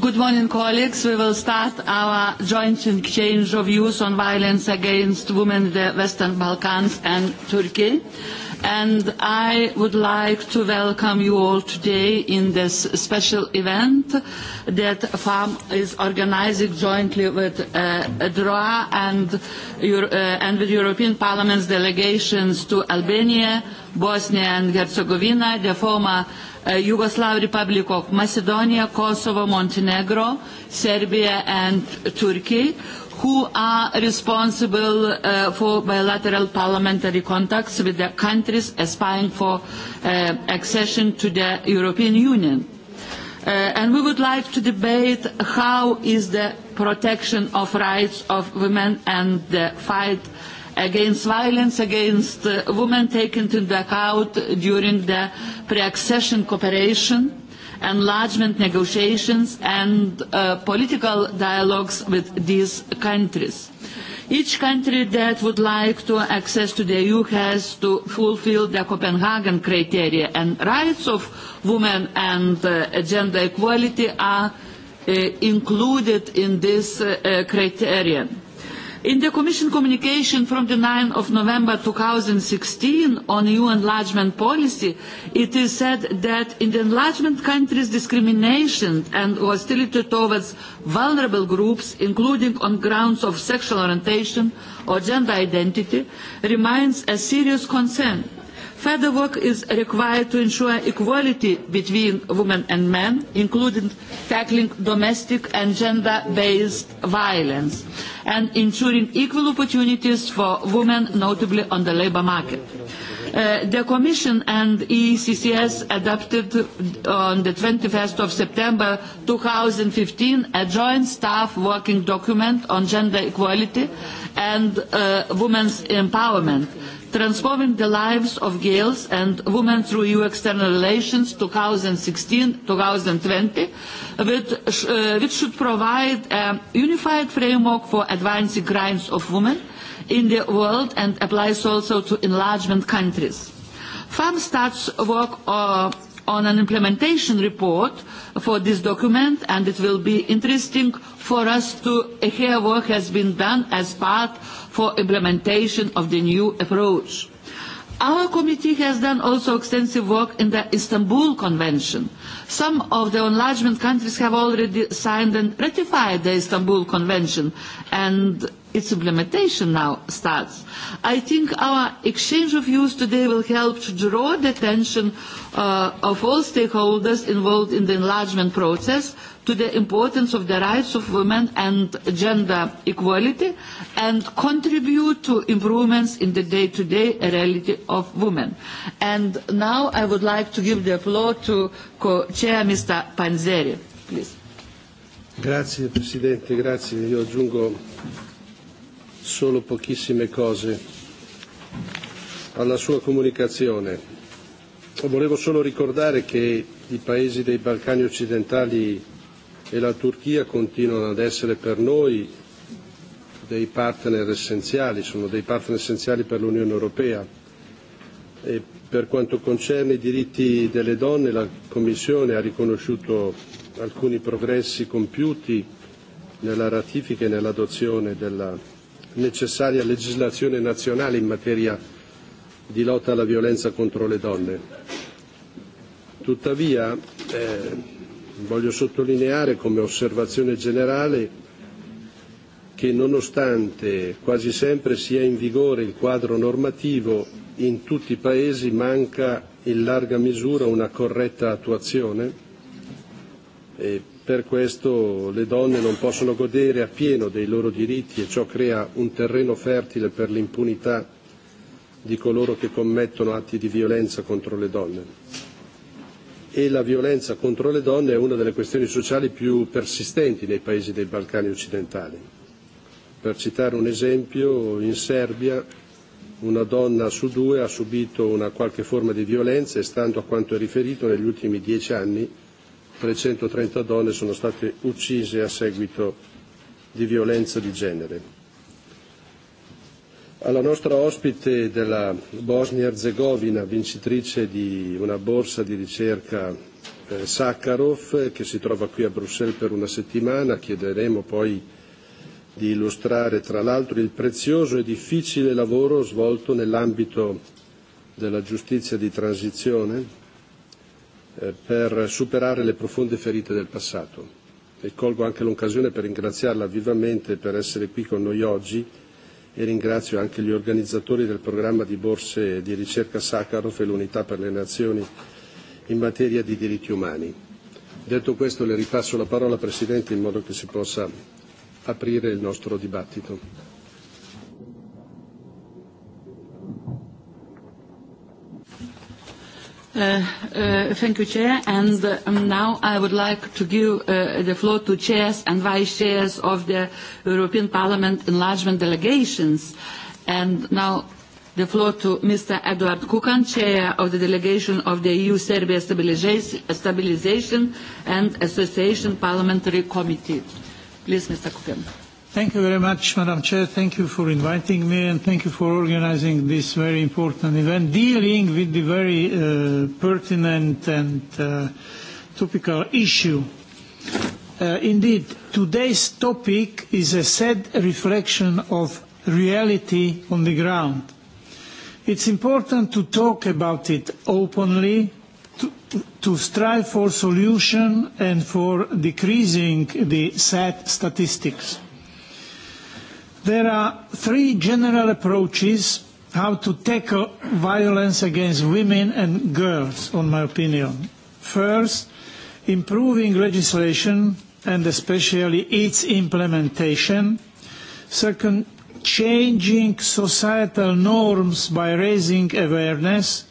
Good morning, colleagues. We will start our joint exchange of views on violence against women in the Western Balkans and Turkey. And I would like to welcome you all today in this special event that FAM is organizing jointly with DROA and with European Parliament's delegations to Albania, Bosnia and Herzegovina, the former Yugoslav Republic of Macedonia, Kosovo, Montenegro, Serbia and Turkey, who are responsible for bilateral parliamentary contacts with the countries aspiring for accession to the European Union. And we would like to debate how is the protection of rights of women and the fight against violence against women taken into account during the pre-accession cooperation, enlargement negotiations and political dialogues with these countries. Each country that would like to access to the EU has to fulfil the Copenhagen criteria and rights of women and gender equality are included in this criterion. In the Commission communication from the 9 of November 2016 on EU enlargement policy, it is said that in the enlargement countries discrimination and hostility towards vulnerable groups, including on grounds of sexual orientation or gender identity, remains a serious concern Further work is required to ensure equality between women and men, including tackling domestic and gender-based violence and ensuring equal opportunities for women, notably on the labour market. The Commission and ECCS adopted on the 21st of September 2015 a joint staff working document on gender equality and women's empowerment transforming the lives of girls and women through EU external relations 2016-2020, which should provide a unified framework for advancing rights of women in the world and applies also to enlargement countries. FAM starts work on an implementation report for this document and it will be interesting for us to hear what has been done as part for implementation of the new approach. Our committee has done also extensive work in the Istanbul Convention. Some of the enlargement countries have already signed and ratified the Istanbul Convention and its implementation now starts. I think our exchange of views today will help to draw the attention of all stakeholders involved in the enlargement process to the importance of the rights of women and gender equality and contribute to improvements in the day-to-day reality of women. And now I would like to give the floor to co-chair Mr. Panzeri solo pochissime cose alla sua comunicazione. Volevo solo ricordare che i paesi dei Balcani occidentali e la Turchia continuano ad essere per noi dei partner essenziali, sono dei partner essenziali per l'Unione Europea. E per quanto concerne i diritti delle donne, la Commissione ha riconosciuto alcuni progressi compiuti nella ratifica e nell'adozione della necessaria legislazione nazionale in materia di lotta alla violenza contro le donne. Tuttavia voglio sottolineare come osservazione generale che nonostante quasi sempre sia in vigore il quadro normativo in tutti i Paesi manca in larga misura una corretta attuazione Per questo le donne non possono godere appieno dei loro diritti e ciò crea un terreno fertile per l'impunità di coloro che commettono atti di violenza contro le donne. E la violenza contro le donne è una delle questioni sociali più persistenti nei paesi dei Balcani occidentali. Per citare un esempio, in Serbia una donna su due ha subito una qualche forma di violenza e, stando a quanto è riferito, negli ultimi dieci anni 330 donne sono state uccise a seguito di violenza di genere. Alla nostra ospite della Bosnia-Herzegovina, vincitrice di una borsa di ricerca Sakharov, che si trova qui a Bruxelles per una settimana, chiederemo poi di illustrare tra l'altro il prezioso e difficile lavoro svolto nell'ambito della giustizia di transizione per superare le profonde ferite del passato e colgo anche l'occasione per ringraziarla vivamente per essere qui con noi oggi e ringrazio anche gli organizzatori del programma di borse di ricerca Sakharov e l'Unità per le Nazioni in materia di diritti umani. Detto questo le ripasso la parola Presidente in modo che si possa aprire il nostro dibattito. Thank you, Chair. And now I would like to give the floor to chairs and vice chairs of the European Parliament enlargement delegations. And now the floor to Mr. Eduard Kukan, Chair of the Delegation of the EU-Serbia Stabilization and Association Parliamentary Committee. Please, Mr. Kukan. Thank you very much, Madam Chair. Thank you for inviting me and thank you for organizing this very important event, dealing with the very pertinent and topical issue. Indeed, today's topic is a sad reflection of reality on the ground. It's important to talk about it openly, to strive for solution and for decreasing the sad statistics. There are three general approaches how to tackle violence against women and girls, on my opinion. First, improving legislation and especially its implementation. Second, changing societal norms by raising awareness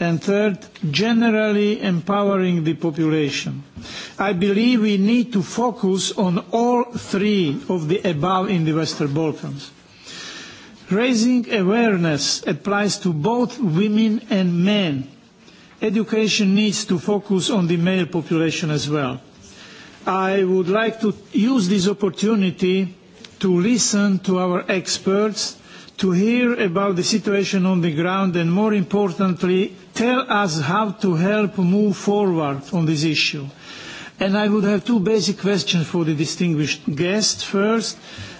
and third, generally empowering the population. I believe we need to focus on all three of the above in the Western Balkans. Raising awareness applies to both women and men. Education needs to focus on the male population as well. I would like to use this opportunity to listen to our experts, to hear about the situation on the ground and, more importantly, tell us how to help move forward on this issue. And I would have two basic questions for the distinguished guest. First,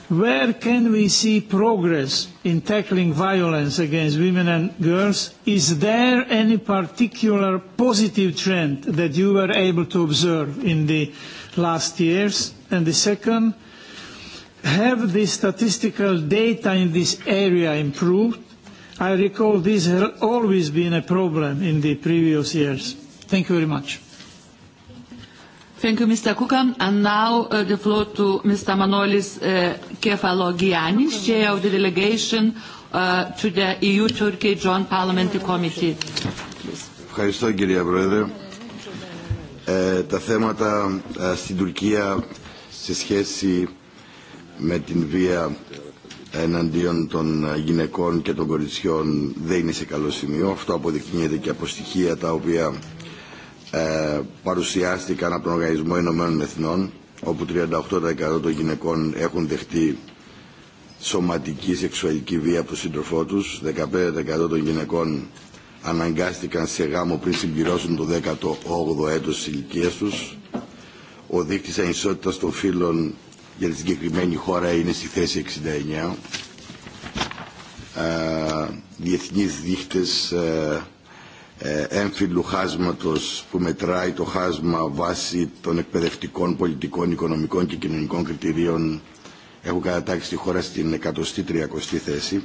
where can we see progress in tackling violence against women and girls? Is there any particular positive trend that you were able to observe in the last years? And the second, have the statistical data in this area improved? I recall this has always been a problem in the previous years. Thank you very much. Thank you, Mr. Kukan. And now the floor to Mr. Manolis Kefalogiannis, Chair of the Delegation to the EU-Turkey Joint Parliamentary Committee. Ευχαριστώ, κυρία Πρόεδρε. Τα θέματα στην Τουρκία σε σχέση με την βία εναντίον των ε, γυναικών και των κοριτσιών δεν είναι σε καλό σημείο. Αυτό αποδεικνύεται και από στοιχεία τα οποία ε, παρουσιάστηκαν από τον Οργανισμό Ηνωμένων Εθνών, όπου 38% των γυναικών έχουν δεχτεί σωματική σεξουαλική βία από τον σύντροφό του, 15% των γυναικών αναγκάστηκαν σε γάμο πριν συμπληρώσουν το 18ο έτος της ηλικίας τους. Ο δείκτης ανισότητας των φίλων για τη συγκεκριμένη χώρα είναι στη θέση 69. Ε, διεθνείς δείχτες ε, ε, έμφυλου χάσματος που μετράει το χάσμα βάσει των εκπαιδευτικών, πολιτικών, οικονομικών και κοινωνικών κριτηρίων έχουν κατατάξει τη χώρα στην 130η θέση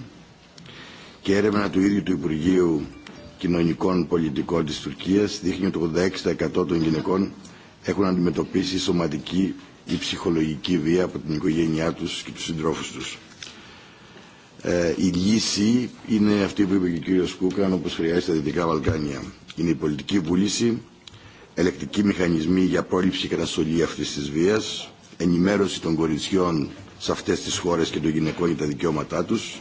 και έρευνα του ίδιου του Υπουργείου Κοινωνικών Πολιτικών της Τουρκίας δείχνει ότι το 86% των γυναικών έχουν αντιμετωπίσει σωματική ή ψυχολογική βία από την οικογένειά τους και τους συντρόφους τους. Ε, η λύση είναι αυτή που είπε και ο κύριος Κούκαν όπως χρειάζεται τα Δυτικά Βαλκάνια. Είναι η πολιτική βούληση, ελεκτικοί μηχανισμοί για πρόληψη και καταστολή αυτής της βίας, ενημέρωση των κοριτσιών σε αυτές τις χώρες και των γυναικών για τα δικαιώματά τους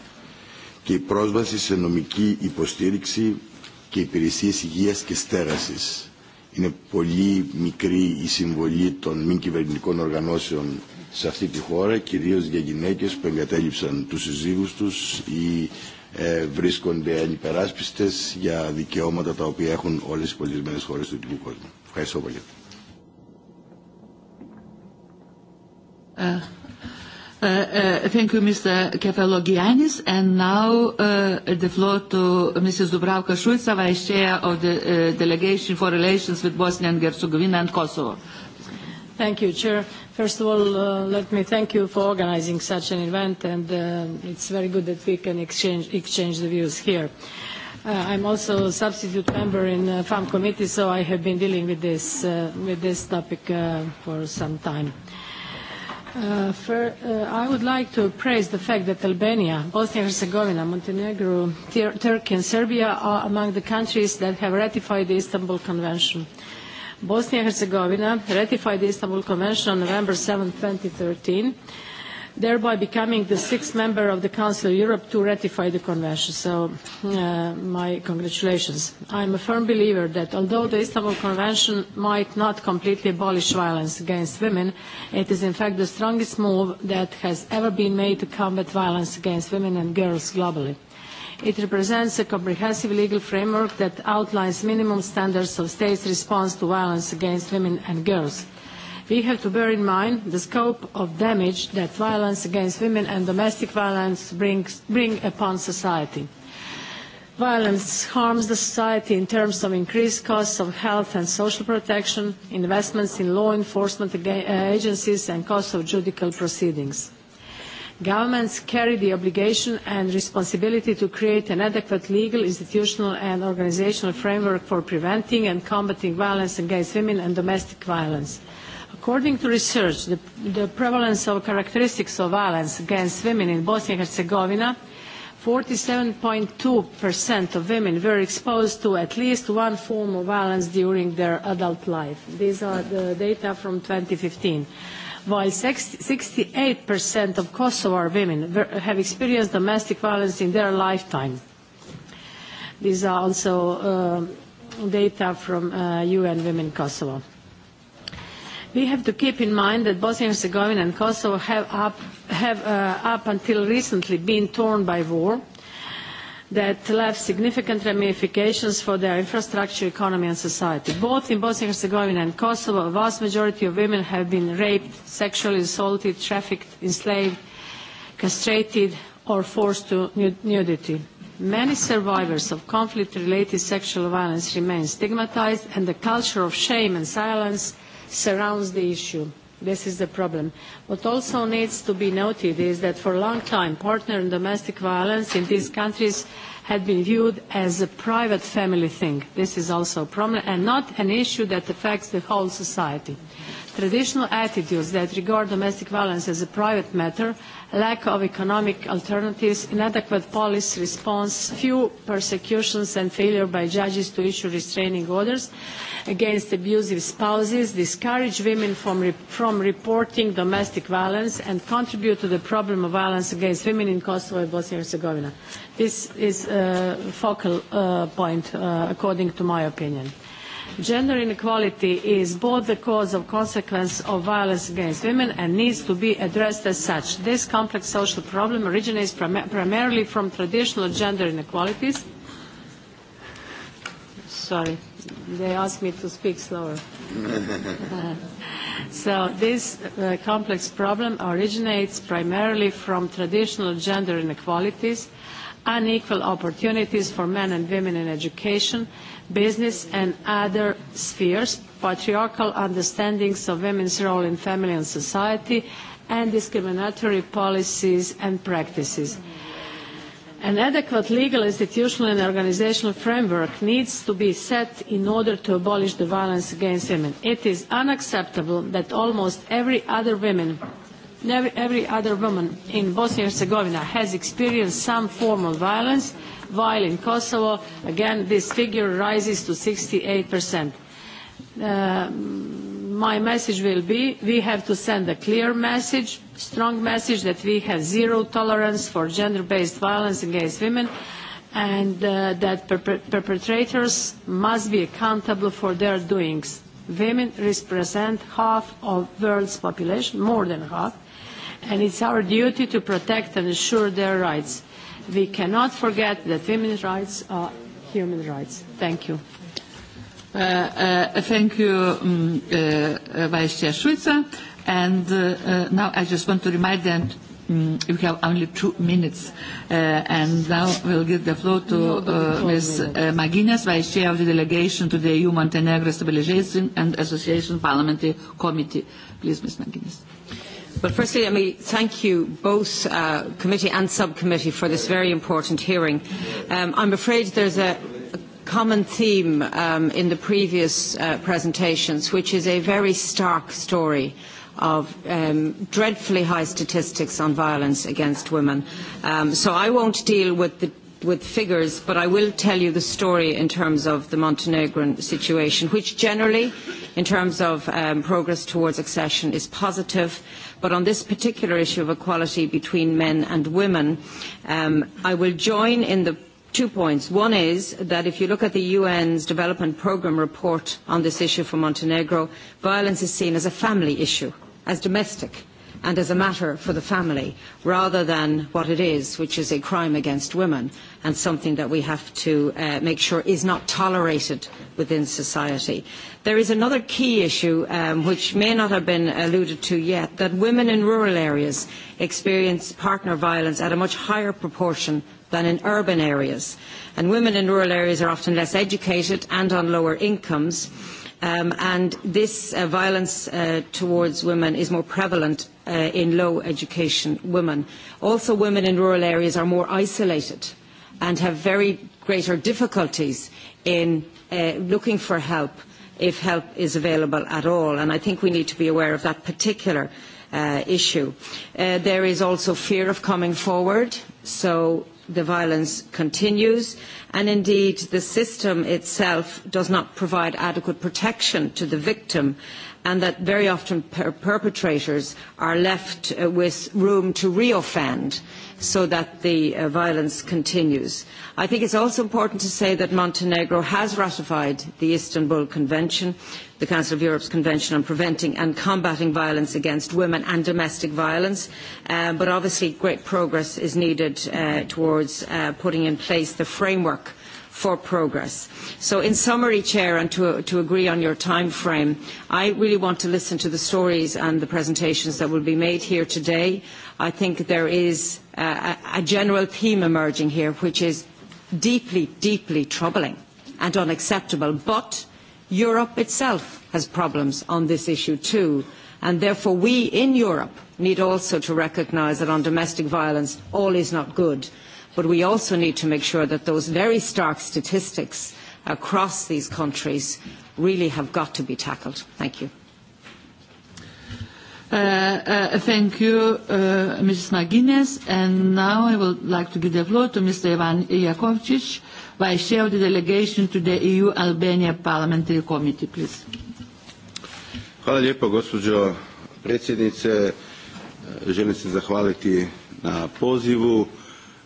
και η πρόσβαση σε νομική υποστήριξη και υπηρεσίες υγείας και στέρασης είναι πολύ μικρή η συμβολή των μη κυβερνητικών οργανώσεων σε αυτή τη χώρα, κυρίως για γυναίκες που εγκατέλειψαν τους συζύγους τους ή ε, βρίσκονται ανυπεράσπιστες για δικαιώματα τα οποία έχουν όλες οι πολιτισμένες χώρες του ειδικού κόσμου. Ευχαριστώ πολύ. Ε, Thank you, Mr. Kefalogiannis. And now the floor to Mrs. Dubravka Šuica, Vice Chair of the Delegation for Relations with Bosnia and Herzegovina and Kosovo. Thank you, Chair. First of all, let me thank you for organizing such an event, and it's very good that we can exchange the views here. I'm also a substitute member in the FAM committee, so I have been dealing with this topic for some time. I would like to praise the fact that Albania, Bosnia and Herzegovina, Montenegro, Turkey and Serbia are among the countries that have ratified the Istanbul Convention. Bosnia and Herzegovina ratified the Istanbul Convention on November 7, 2013 thereby becoming the sixth member of the Council of Europe to ratify the Convention. So my congratulations. I am a firm believer that although the Istanbul Convention might not completely abolish violence against women, it is in fact the strongest move that has ever been made to combat violence against women and girls globally. It represents a comprehensive legal framework that outlines minimum standards of states' response to violence against women and girls. We have to bear in mind the scope of damage that violence against women and domestic violence bring upon society. Violence harms the society in terms of increased costs of health and social protection, investments in law enforcement agencies and costs of judicial proceedings. Governments carry the obligation and responsibility to create an adequate legal, institutional and organisational framework for preventing and combating violence against women and domestic violence. According to research, the prevalence of characteristics of violence against women in Bosnia and Herzegovina, 47.2% of women were exposed to at least one form of violence during their adult life. These are the data from 2015. While 68% of Kosovar women have experienced domestic violence in their lifetime. These are also data from UN Women Kosovo. We have to keep in mind that Bosnia and Herzegovina and Kosovo have up until recently been torn by war that left significant ramifications for their infrastructure, economy and society. Both in Bosnia and Herzegovina and Kosovo, a vast majority of women have been raped, sexually assaulted, trafficked, enslaved, castrated or forced to nudity. Many survivors of conflict-related sexual violence remain stigmatized and the culture of shame and silence surrounds the issue. This is the problem. What also needs to be noted is that for a long time partner and domestic violence in these countries had been viewed as a private family thing. This is also a problem and not an issue that affects the whole society. Traditional attitudes that regard domestic violence as a private matter lack of economic alternatives, inadequate police response, few persecutions and failure by judges to issue restraining orders against abusive spouses discourage women from reporting domestic violence and contribute to the problem of violence against women in Kosovo and Bosnia and Herzegovina. This is a focal point according to my opinion. Gender inequality is both the cause of consequence of violence against women and needs to be addressed as such. This complex social problem originates primarily from traditional gender inequalities. Sorry, they asked me to speak slower. So this complex problem originates primarily from traditional gender inequalities, unequal opportunities for men and women in education, business and other spheres, patriarchal understandings of women's role in family and society, and discriminatory policies and practices. An adequate legal, institutional and organisational framework needs to be set in order to abolish the violence against women. It is unacceptable that almost every other woman every other woman in Bosnia and Herzegovina has experienced some form of violence while in Kosovo, again, this figure rises to 68%. My message will be we have to send a clear message, strong message that we have zero tolerance for gender-based violence against women and that perpetrators must be accountable for their doings. Women represent half of the world's population, more than half, and it's our duty to protect and ensure their rights we cannot forget that women's rights are human rights. Thank you. Thank you, Vice Chair Schwitzer. And now I just want to remind them we have only two minutes. And now we'll give the floor to Ms. Maginas, Vice Chair of the Delegation to the EU-Montenegro Stabilization and Association Parliamentary Committee. Please, Ms. Maginas. Well, firstly, let me thank you both, committee and subcommittee, for this very important hearing. I'm afraid there's a common theme in the previous presentations, which is a very stark story of dreadfully high statistics on violence against women. So I won't deal with the with figures, but I will tell you the story in terms of the Montenegrin situation, which generally, in terms of progress towards accession, is positive. But on this particular issue of equality between men and women, I will join in the two points. One is that if you look at the UN's Development Programme report on this issue for Montenegro, violence is seen as a family issue, as domestic and as a matter for the family rather than what it is which is a crime against women and something that we have to make sure is not tolerated within society. There is another key issue which may not have been alluded to yet that women in rural areas experience partner violence at a much higher proportion than in urban areas and women in rural areas are often less educated and on lower incomes and this violence towards women is more prevalent in low education women. Also women in rural areas are more isolated and have very greater difficulties in looking for help if help is available at all and I think we need to be aware of that particular issue. There is also fear of coming forward so the violence continues and indeed the system itself does not provide adequate protection to the victim and that very often perpetrators are left with room to re-offend so that the violence continues. I think it's also important to say that Montenegro has ratified the Istanbul Convention, the Council of Europe's Convention on Preventing and Combating Violence Against Women and Domestic Violence, but obviously great progress is needed towards putting in place the framework for progress. So in summary, Chair, and to agree on your time frame, I really want to listen to the stories and the presentations that will be made here today. I think there is a general theme emerging here, which is deeply, deeply troubling and unacceptable. But Europe itself has problems on this issue too. And therefore we in Europe need also to recognise that on domestic violence all is not good but we also need to make sure that those very stark statistics across these countries really have got to be tackled. Thank you. Thank you, Mrs. McGuinness. And now I would like to give the floor to Mr. Ivan Iakovčič Vice Chair of the Delegation to the EU-Albania Parliamentary Committee, please. Hvala lijepo, gospođo predsjednice. Želim se zahvaliti na pozivu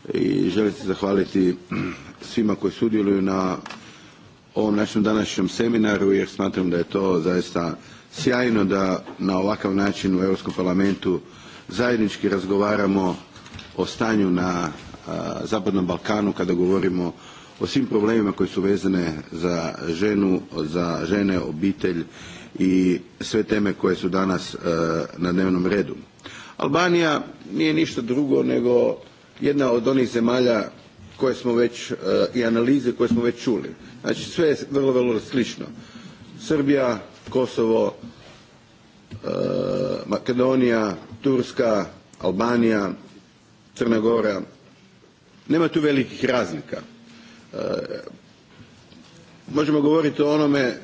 i želim se zahvaliti svima koji sudjeluju na ovom našem današnjem seminaru jer smatram da je to zaista sjajno da na ovakav način u Europskom parlamentu zajednički razgovaramo o stanju na Zapadnom Balkanu kada govorimo o svim problemima koji su vezane za ženu, za žene, obitelj i sve teme koje su danas na dnevnom redu. Albanija nije ništa drugo nego jedna od onih zemalja koje smo već i analize koje smo već čuli. Znači sve je vrlo, vrlo slično. Srbija, Kosovo, Makedonija, Turska, Albanija, Crna Gora. Nema tu velikih razlika. Možemo govoriti o onome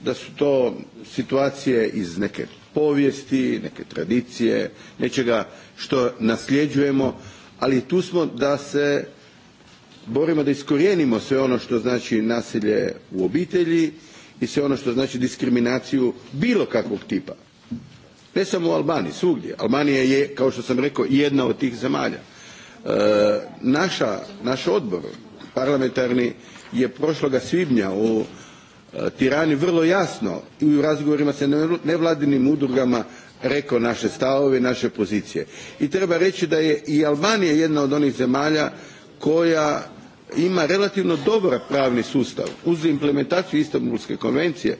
da su to situacije iz neke povijesti, neke tradicije, nečega što nasljeđujemo ali tu smo da se borimo da iskorijenimo sve ono što znači nasilje u obitelji i sve ono što znači diskriminaciju bilo kakvog tipa. Ne samo u Albaniji, svugdje. Albanija je, kao što sam rekao, jedna od tih zemalja. Naša, naš odbor parlamentarni je prošloga svibnja u Tirani vrlo jasno i u razgovorima sa nevladinim udrugama rekao naše stavove i naše pozicije. I treba reći da je i Albanija jedna od onih zemalja koja ima relativno dobar pravni sustav uz implementaciju Istanbulske konvencije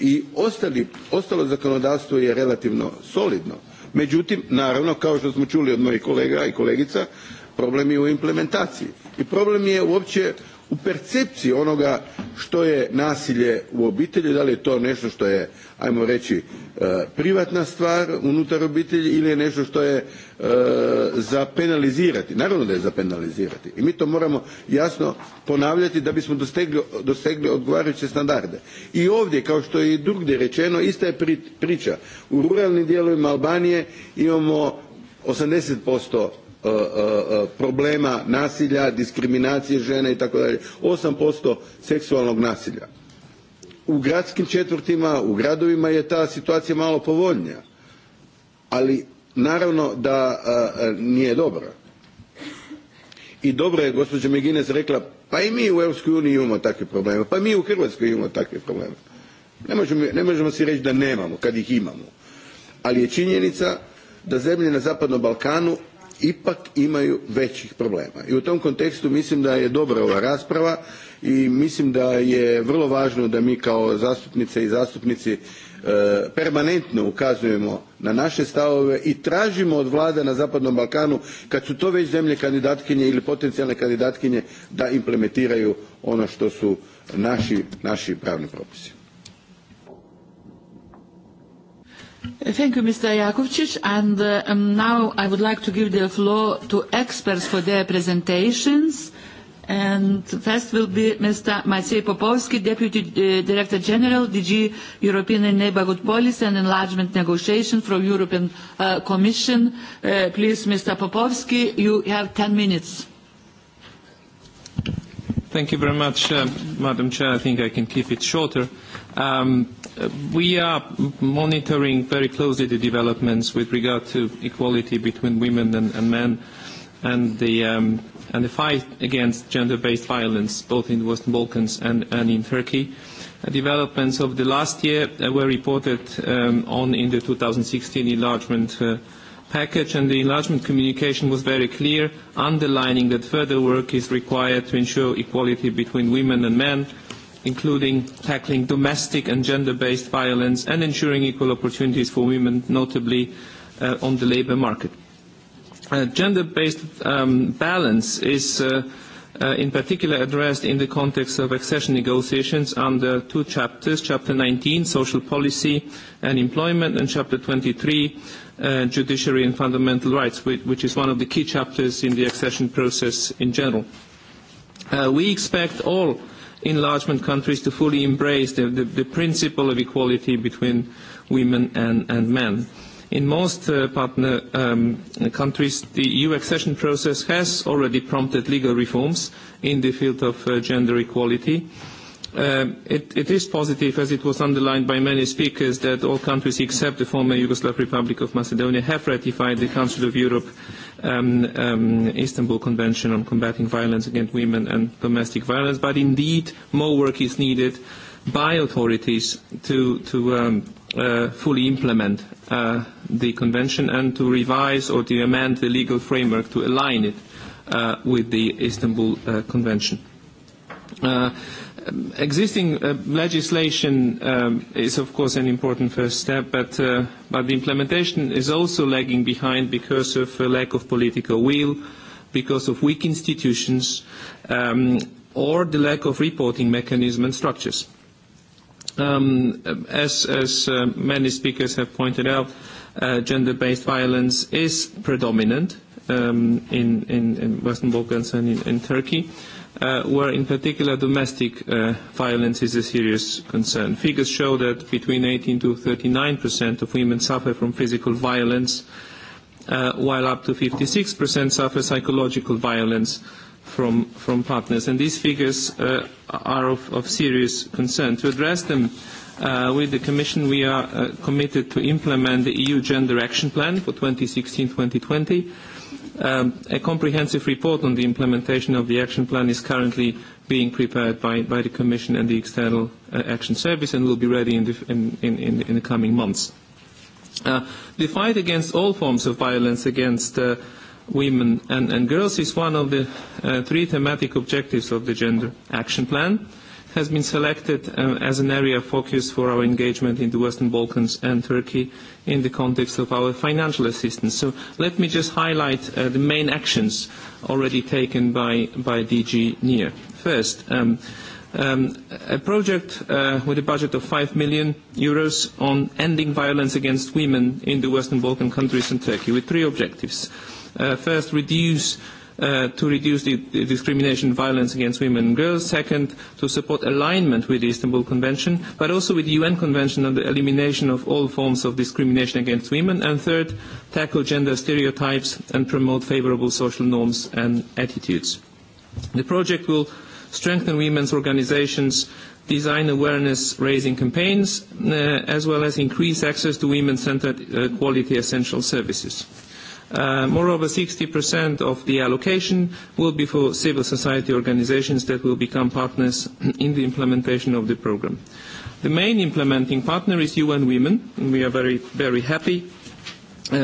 i ostali, ostalo zakonodavstvo je relativno solidno. Međutim, naravno, kao što smo čuli od mojih kolega i kolegica, problem je u implementaciji. I problem je uopće u percepciji onoga što je nasilje u obitelji, da li je to nešto što je, ajmo reći, privatna stvar unutar obitelji ili je nešto što je za penalizirati. Naravno da je za penalizirati i mi to moramo jasno ponavljati da bismo dosegli odgovarajuće standarde. I ovdje, kao što je i drugdje rečeno, ista je priča. U ruralnim dijelovima Albanije imamo 80% problema nasilja, diskriminacije žena i tako dalje. 8% seksualnog nasilja. U gradskim četvrtima, u gradovima je ta situacija malo povoljnija. Ali naravno da nije dobra. I dobro je gospođa McGuinness rekla pa i mi u Europskoj uniji imamo takve probleme, pa mi u Hrvatskoj imamo takve probleme. Ne možemo, ne možemo si reći da nemamo, kad ih imamo. Ali je činjenica da zemlje na Zapadnom Balkanu ipak imaju većih problema. I u tom kontekstu mislim da je dobra ova rasprava i mislim da je vrlo važno da mi kao zastupnice i zastupnici permanentno ukazujemo na naše stavove i tražimo od vlada na zapadnom balkanu kad su to već zemlje kandidatkinje ili potencijalne kandidatkinje da implementiraju ono što su naši pravni propisi. Thank you, Mr. Jakovčić. And now I would like to give the floor to experts for their presentations. And first will be Mr. Maciej Popowski, Deputy Director General, DG European Neighborhood Policy and Enlargement Negotiation from European Commission. Please, Mr. Popowski, you have 10 minutes. Thank you very much, Madam Chair. I think I can keep it shorter. We are monitoring very closely the developments with regard to equality between women and men and the fight against gender-based violence, both in the Western Balkans and in Turkey. Developments of the last year were reported on in the 2016 enlargement package, and the enlargement communication was very clear, underlining that further work is required to ensure equality between women and men including tackling domestic and gender-based violence and ensuring equal opportunities for women, notably on the labour market. Gender-based balance is in particular addressed in the context of accession negotiations under two chapters, Chapter 19, Social Policy and Employment, and Chapter 23, Judiciary and Fundamental Rights, which is one of the key chapters in the accession process in general. We expect all enlargement countries to fully embrace the principle of equality between women and men. In most partner countries, the EU accession process has already prompted legal reforms in the field of gender equality. It is positive, as it was underlined by many speakers, that all countries except the former Yugoslav Republic of Macedonia have ratified the Council of Europe Istanbul Convention on Combating Violence Against Women and Domestic Violence, but indeed more work is needed by authorities to fully implement the convention and to revise or to amend the legal framework to align it with the Istanbul Convention. Existing legislation is of course an important first step, but the implementation is also lagging behind because of a lack of political will, because of weak institutions, or the lack of reporting mechanism and structures. As as many speakers have pointed out, gender-based violence is predominant in Western Balkans and in Turkey where in particular domestic violence is a serious concern. Figures show that between 18 to 39% of women suffer from physical violence, while up to 56% suffer psychological violence from from partners. And these figures are of serious concern. To address them with the Commission, we are committed to implement the EU Gender Action Plan for 2016-2020, A comprehensive report on the implementation of the action plan is currently being prepared by the Commission and the External Action Service and will be ready in the coming months. The fight against all forms of violence against women and girls is one of the three thematic objectives of the Gender Action Plan has been selected as an area of focus for our engagement in the Western Balkans and Turkey in the context of our financial assistance. So let me just highlight the main actions already taken by DG NIR. First, a project with a budget of 5 million euros on ending violence against women in the Western Balkan countries and Turkey with three objectives. First, reduce to reduce the discrimination and violence against women and girls. Second, to support alignment with the Istanbul Convention, but also with the UN Convention on the Elimination of All Forms of Discrimination Against Women. And third, tackle gender stereotypes and promote favorable social norms and attitudes. The project will strengthen women's organizations, design awareness raising campaigns as well as increase access to women centred quality essential services. Moreover, 60% of the allocation will be for civil society organizations that will become partners in the implementation of the program. The main implementing partner is UN Women, we are very, very happy. We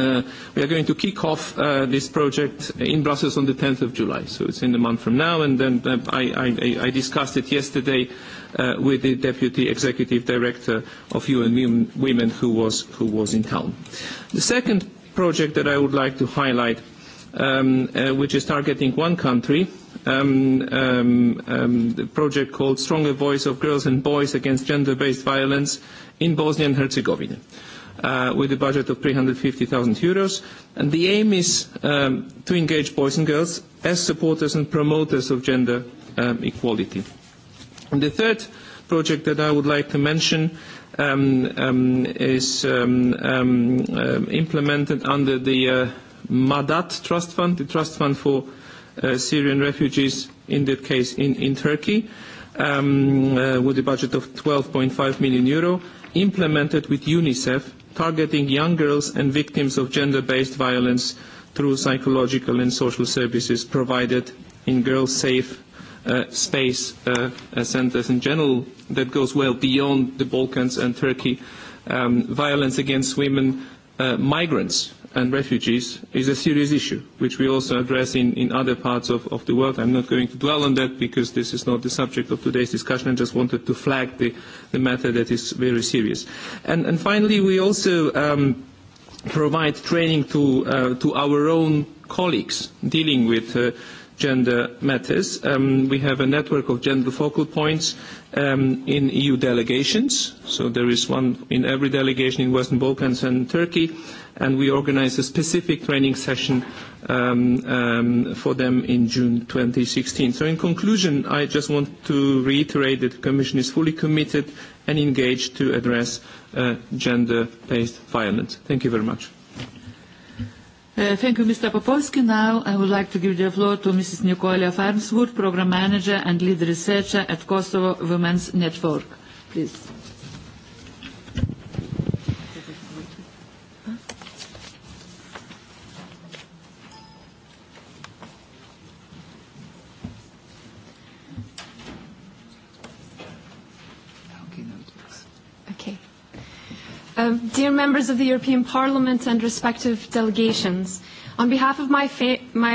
are going to kick off this project in Brussels on the 10th of July, so it's in a month from now, and then I discussed it yesterday with the Deputy Executive Director of UN Women who was in town. The second project that I would like to highlight, which is targeting one country, the project called Stronger Voice of Girls and Boys Against Gender-Based Violence in Bosnia and Herzegovina, with a budget of 350,000 euros. And the aim is to engage boys and girls as supporters and promoters of gender equality. And the third project that I would like to mention is implemented under the Madat Trust Fund, the Trust Fund for Syrian refugees, in that case in Turkey, with a budget of 12.5 million euro, implemented with UNICEF, targeting young girls and victims of gender-based violence through psychological and social services provided in girls' safe space centers in general that goes well beyond the Balkans and Turkey. Violence against women, migrants and refugees is a serious issue, which we also address in other parts of the world. I'm not going to dwell on that because this is not the subject of today's discussion. I just wanted to flag the matter that is very serious. And finally, we also provide training to our own colleagues dealing with gender matters. We have a network of gender focal points in EU delegations. So there is one in every delegation in Western Balkans and Turkey, and we organize a specific training session for them in June 2016. So in conclusion, I just want to reiterate that the Commission is fully committed and engaged to address gender-based violence. Thank you very much. Thank you, Mr. Popowski. Now I would like to give the floor to Mrs. Nicola Farnsworth, Program Manager and Lead Researcher at Kosovo Women's Network. Please. Dear members of the European Parliament and respective delegations, on behalf of my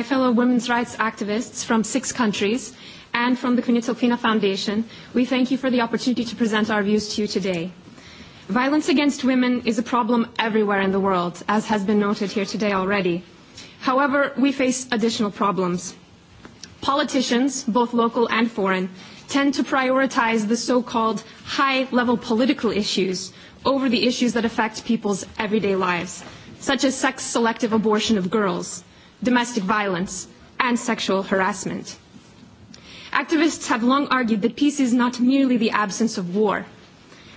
fellow women's rights activists from six countries and from the Kunitsilfina Foundation, we thank you for the opportunity to present our views to you today. Violence against women is a problem everywhere in the world, as has been noted here today already. However, we face additional problems. Politicians, both local and foreign, tend to prioritize the so-called high-level political issues over the issues that affect people's everyday lives, such as sex-selective abortion of girls, domestic violence, and sexual harassment. Activists have long argued that peace is not merely the absence of war.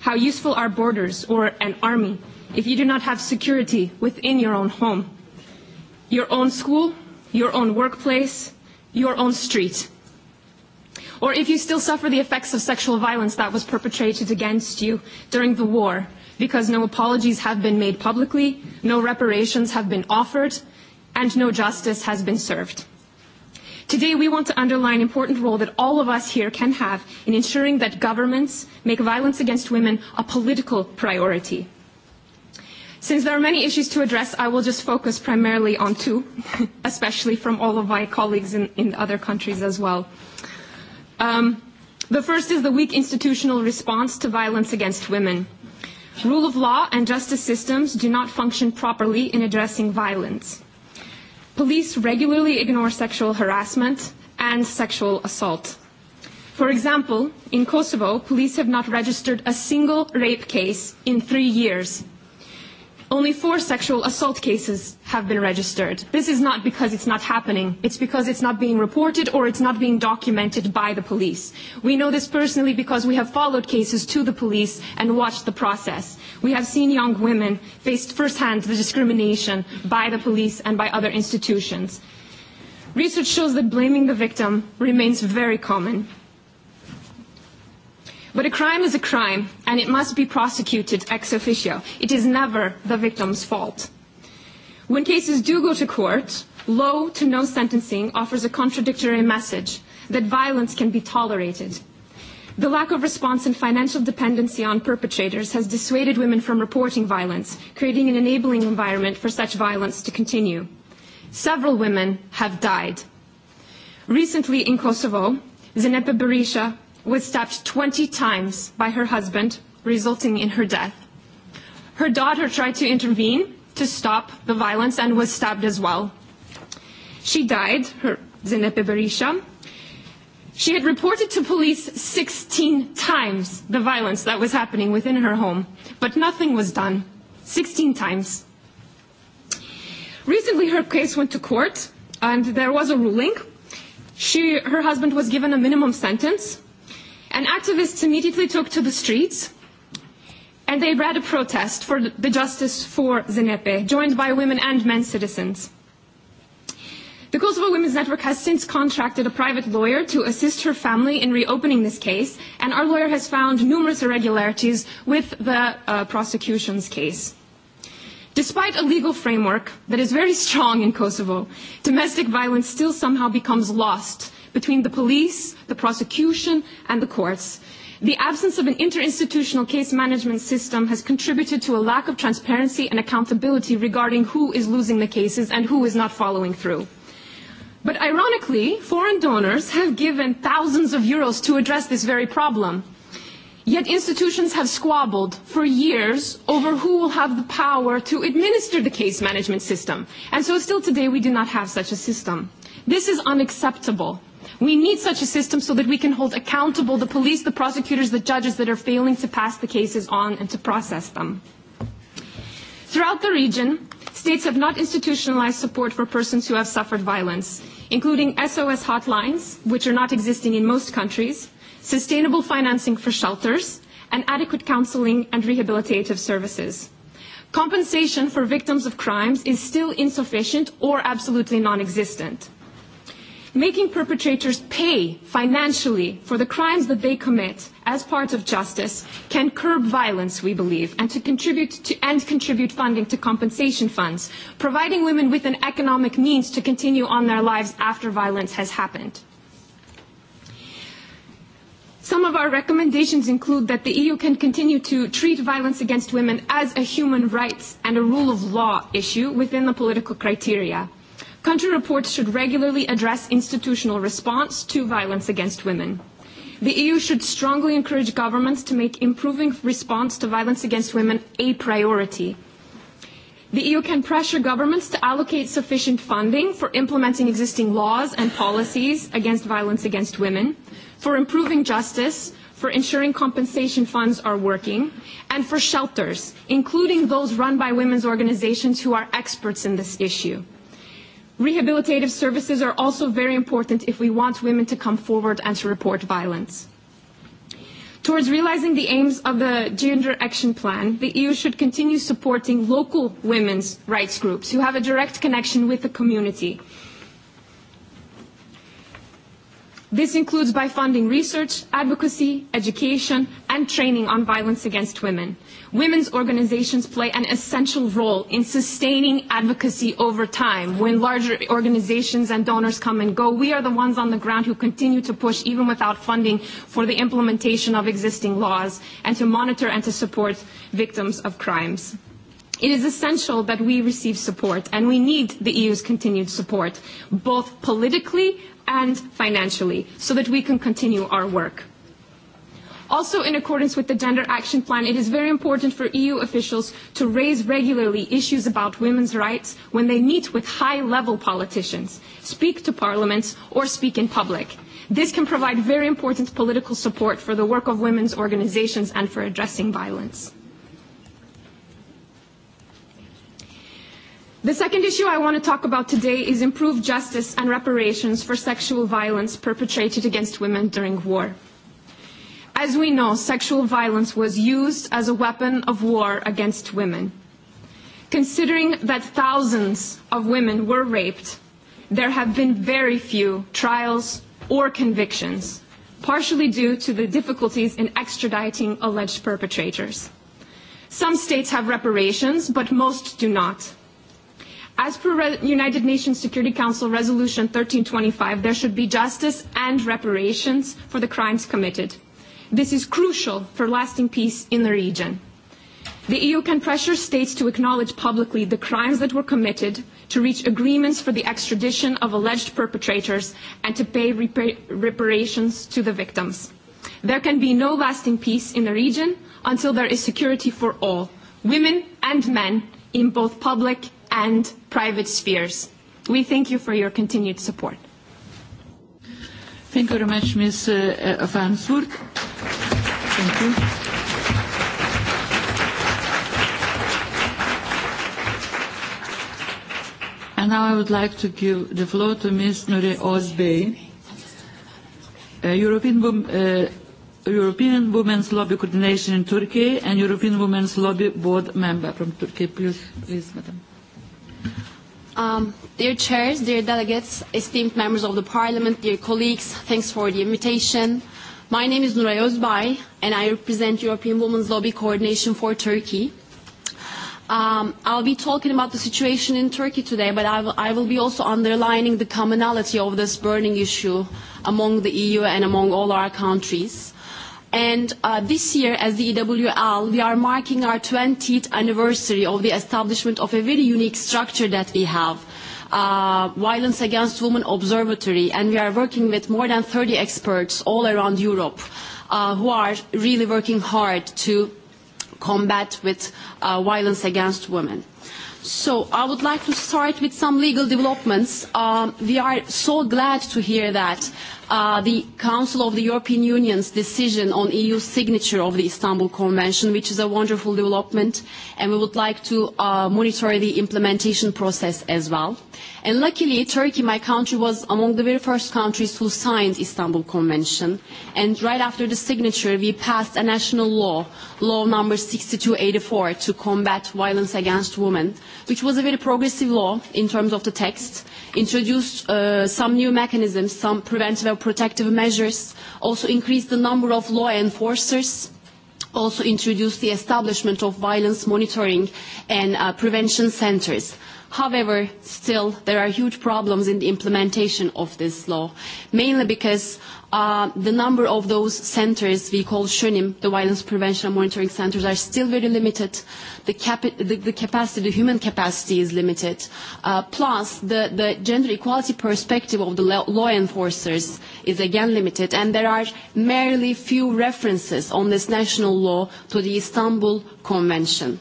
How useful are borders or an army if you do not have security within your own home, your own school, your own workplace, your own street? or if you still suffer the effects of sexual violence that was perpetrated against you during the war, because no apologies have been made publicly, no reparations have been offered, and no justice has been served. Today we want to underline an important role that all of us here can have in ensuring that governments make violence against women a political priority. Since there are many issues to address, I will just focus primarily on two, especially from all of my colleagues in other countries as well. The first is the weak institutional response to violence against women. Rule of law and justice systems do not function properly in addressing violence. Police regularly ignore sexual harassment and sexual assault. For example, in Kosovo, police have not registered a single rape case in three years Only four sexual assault cases have been registered. This is not because it's not happening. It's because it's not being reported or it's not being documented by the police. We know this personally because we have followed cases to the police and watched the process. We have seen young women face firsthand the discrimination by the police and by other institutions. Research shows that blaming the victim remains very common. But a crime is a crime, and it must be prosecuted ex officio. It is never the victim's fault. When cases do go to court, low to no sentencing offers a contradictory message that violence can be tolerated. The lack of response and financial dependency on perpetrators has dissuaded women from reporting violence, creating an enabling environment for such violence to continue. Several women have died. Recently in Kosovo, Zenepa Berisha was stabbed 20 times by her husband, resulting in her death. Her daughter tried to intervene to stop the violence and was stabbed as well. She died, her Zenepe Berisha. She had reported to police 16 times the violence that was happening within her home, but nothing was done. 16 times. Recently, her case went to court, and there was a ruling. She, her husband was given a minimum sentence And activists immediately took to the streets and they read a protest for the justice for Zenepe, joined by women and men citizens. The Kosovo Women's Network has since contracted a private lawyer to assist her family in reopening this case, and our lawyer has found numerous irregularities with the prosecution's case. Despite a legal framework that is very strong in Kosovo, domestic violence still somehow becomes lost between the police, the prosecution and the courts. The absence of an interinstitutional case management system has contributed to a lack of transparency and accountability regarding who is losing the cases and who is not following through. But ironically, foreign donors have given thousands of euros to address this very problem. Yet institutions have squabbled for years over who will have the power to administer the case management system. And so still today we do not have such a system. This is unacceptable. We need such a system so that we can hold accountable the police, the prosecutors, the judges that are failing to pass the cases on and to process them. Throughout the region, states have not institutionalized support for persons who have suffered violence, including SOS hotlines, which are not existing in most countries, sustainable financing for shelters, and adequate counseling and rehabilitative services. Compensation for victims of crimes is still insufficient or absolutely non-existent making perpetrators pay financially for the crimes that they commit as part of justice can curb violence we believe and to contribute to and contribute funding to compensation funds providing women with an economic means to continue on their lives after violence has happened some of our recommendations include that the eu can continue to treat violence against women as a human rights and a rule of law issue within the political criteria Country reports should regularly address institutional response to violence against women. The EU should strongly encourage governments to make improving response to violence against women a priority. The EU can pressure governments to allocate sufficient funding for implementing existing laws and policies against violence against women, for improving justice, for ensuring compensation funds are working, and for shelters, including those run by women's organizations who are experts in this issue. Rehabilitative services are also very important if we want women to come forward and to report violence. Towards realizing the aims of the Gender Action Plan, the EU should continue supporting local women's rights groups who have a direct connection with the community This includes by funding research, advocacy, education, and training on violence against women. Women's organizations play an essential role in sustaining advocacy over time. When larger organizations and donors come and go, we are the ones on the ground who continue to push, even without funding, for the implementation of existing laws and to monitor and to support victims of crimes. It is essential that we receive support, and we need the EU's continued support, both politically and financially, so that we can continue our work. Also, in accordance with the Gender Action Plan, it is very important for EU officials to raise regularly issues about women's rights when they meet with high-level politicians, speak to parliaments, or speak in public. This can provide very important political support for the work of women's organizations and for addressing violence. The second issue I want to talk about today is improved justice and reparations for sexual violence perpetrated against women during war. As we know, sexual violence was used as a weapon of war against women. Considering that thousands of women were raped, there have been very few trials or convictions, partially due to the difficulties in extraditing alleged perpetrators. Some states have reparations, but most do not As per United Nations Security Council Resolution 1325, there should be justice and reparations for the crimes committed. This is crucial for lasting peace in the region. The EU can pressure states to acknowledge publicly the crimes that were committed, to reach agreements for the extradition of alleged perpetrators, and to pay reparations to the victims. There can be no lasting peace in the region until there is security for all, women and men, in both public and private spheres. We thank you for your continued support. Thank you very much, Ms. Van Thank you. And now I would like to give the floor to Ms. Nuri Ozbey, European European Women's Lobby Coordination in Turkey and European Women's Lobby Board Member from Turkey. Please, madam. Dear chairs, dear delegates, esteemed members of the parliament, dear colleagues, thanks for the invitation. My name is Nuray Özbay and I represent European Women's Lobby Coordination for Turkey. I'll be talking about the situation in Turkey today, but I will be also underlining the commonality of this burning issue among the EU and among all our countries. And this year, as the EWL, we are marking our 20th anniversary of the establishment of a very unique structure that we have, Violence Against Women Observatory, and we are working with more than 30 experts all around Europe, who are really working hard to combat with violence against women. So I would like to start with some legal developments. We are so glad to hear that the Council of the European Union's decision on EU signature of the Istanbul Convention, which is a wonderful development, and we would like to monitor the implementation process as well. And luckily, Turkey, my country, was among the very first countries who signed the Istanbul Convention, and right after the signature, we passed a national law, Law Number 6284, to combat violence against women, which was a very progressive law in terms of the text, introduced some new mechanisms, some preventive protective measures, also increase the number of law enforcers, also introduce the establishment of violence monitoring and prevention centres. However, still there are huge problems in the implementation of this law, mainly because the number of those centers we call SHUNIM, the violence prevention and monitoring centers, are still very limited. The capacity, the human capacity is limited. Plus, the gender equality perspective of the law enforcers is again limited. And there are merely few references on this national law to the Istanbul Convention.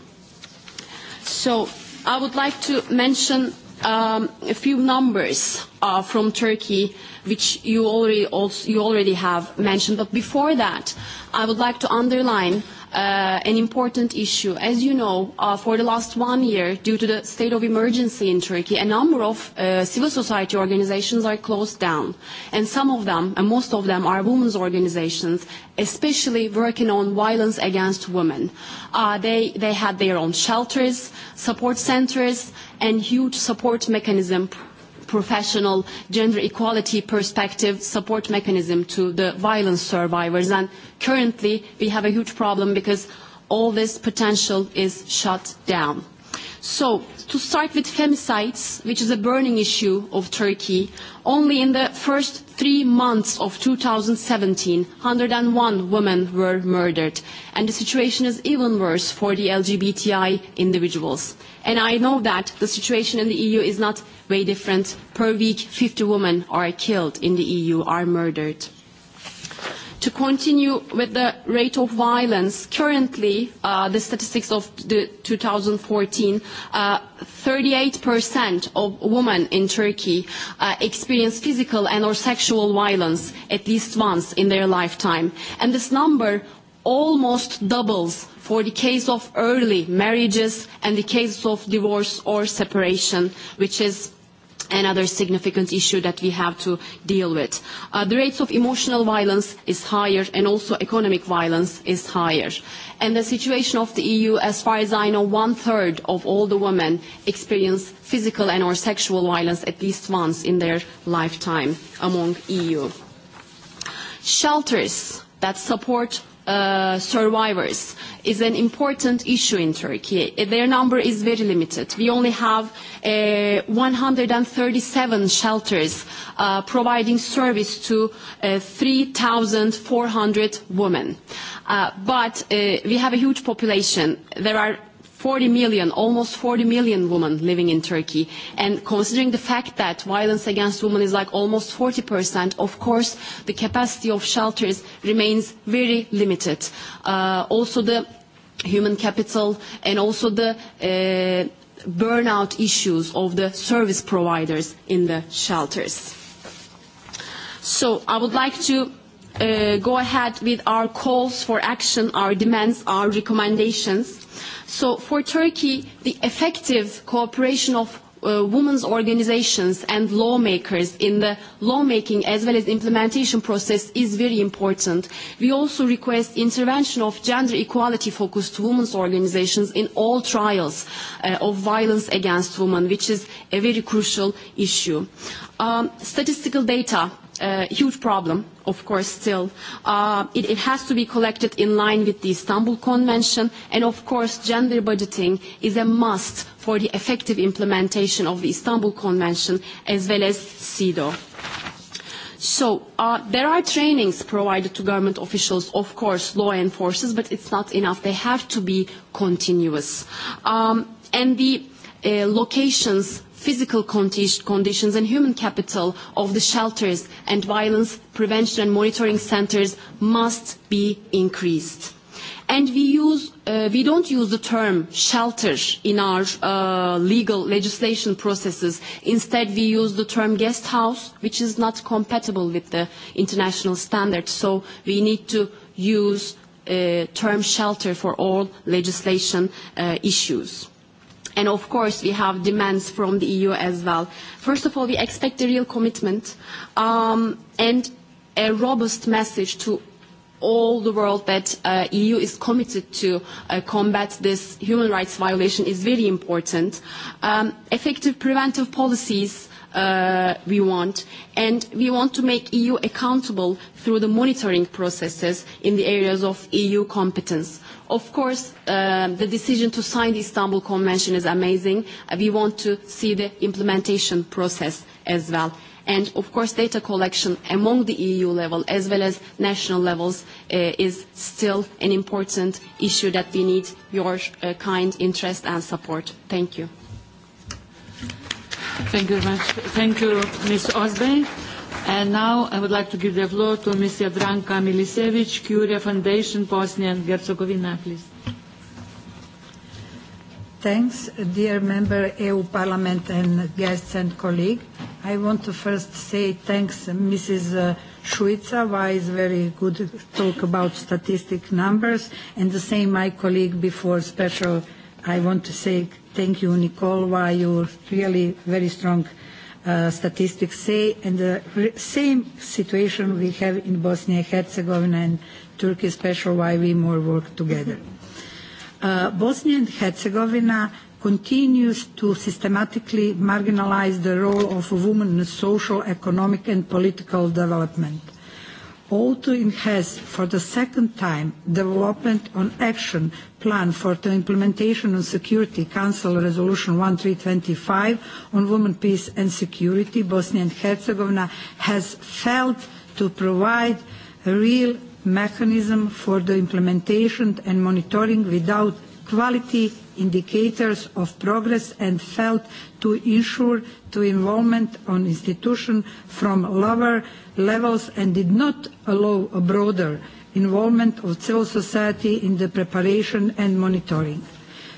So I would like to mention a few numbers from Turkey, which you already have mentioned. But before that, I would like to underline an important issue. As you know, for the last one year, due to the state of emergency in Turkey, a number of civil society organizations are closed down. And some of them, and most of them, are women's organizations, especially working on violence against women. They had their own shelters, support centers, and huge support mechanisms professional gender equality perspective support mechanism to the violence survivors. And currently we have a huge problem because all this potential is shut down. So, to start with femicides, which is a burning issue of Turkey, only in the first three months of 2017, 101 women were murdered. And the situation is even worse for the LGBTI individuals. And I know that the situation in the EU is not very different. Per week, 50 women are killed in the EU, are murdered to continue with the rate of violence. Currently, the statistics of 2014, 38% of women in Turkey experience physical and or sexual violence at least once in their lifetime. And this number almost doubles for the case of early marriages and the case of divorce or separation, which is another significant issue that we have to deal with. The rates of emotional violence is higher and also economic violence is higher. And the situation of the EU, as far as I know, one-third of all the women experience physical and or sexual violence at least once in their lifetime among EU. Shelters that support survivors is an important issue in Turkey. Their number is very limited. We only have 137 shelters providing service to 3,400 women. But we have a huge population. There are 40 million, almost 40 million women living in Turkey. And considering the fact that violence against women is like almost 40%, of course, the capacity of shelters remains very limited. Also the human capital and also the burnout issues of the service providers in the shelters. So I would like to go ahead with our calls for action, our demands, our recommendations So for Turkey, the effective cooperation of women's organizations and lawmakers in the lawmaking as well as implementation process is very important. We also request intervention of gender equality focused women's organizations in all trials of violence against women, which is a very crucial issue. Statistical data, huge problem of course, still. It has to be collected in line with the Istanbul Convention, and of course, gender budgeting is a must for the effective implementation of the Istanbul Convention as well as CEDAW. So there are trainings provided to government officials, of course, law enforcers, but it's not enough. They have to be continuous. And the locations physical conditions and human capital of the shelters and violence prevention and monitoring centres must be increased. And we don't use the term shelter in our legal legislation processes. Instead, we use the term guest house, which is not compatible with the international standards. So we need to use term shelter for all legislation issues. And of course, we have demands from the EU as well. First of all, we expect a real commitment and a robust message to all the world that the EU is committed to combat this human rights violation is very important. Effective preventive policies we want, and we want to make EU accountable through the monitoring processes in the areas of EU competence. Of course, the decision to sign the Istanbul Convention is amazing. We want to see the implementation process as well. And, of course, data collection among the EU level as well as national levels is still an important issue that we need your kind interest and support. Thank you. Thank you very much. Thank you, Ms. Osbey. And now I would like to give the floor to Ms. Dranka Milisevic, Curia Foundation, Bosnia and Herzegovina, please. Thanks, dear member EU Parliament and guests and colleagues. I want to first say thanks, Mrs. Šuica, why is very good talk about statistic numbers, and the same my colleague before special. I want to say thank you, Nicole, why you're really very strong statistics say, and the same situation we have in Bosnia and Herzegovina and Turkey, especially why we more work together. Bosnia and Herzegovina continues to systematically marginalize the role of women in social, economic and political development also has for the second time development on action plan for the implementation of Security Council Resolution 1325 on women, peace and security. Bosnia and Herzegovina has failed to provide a real mechanism for the implementation and monitoring without quality indicators of progress and felt to ensure to involvement on institutions from lower levels and did not allow a broader involvement of civil society in the preparation and monitoring.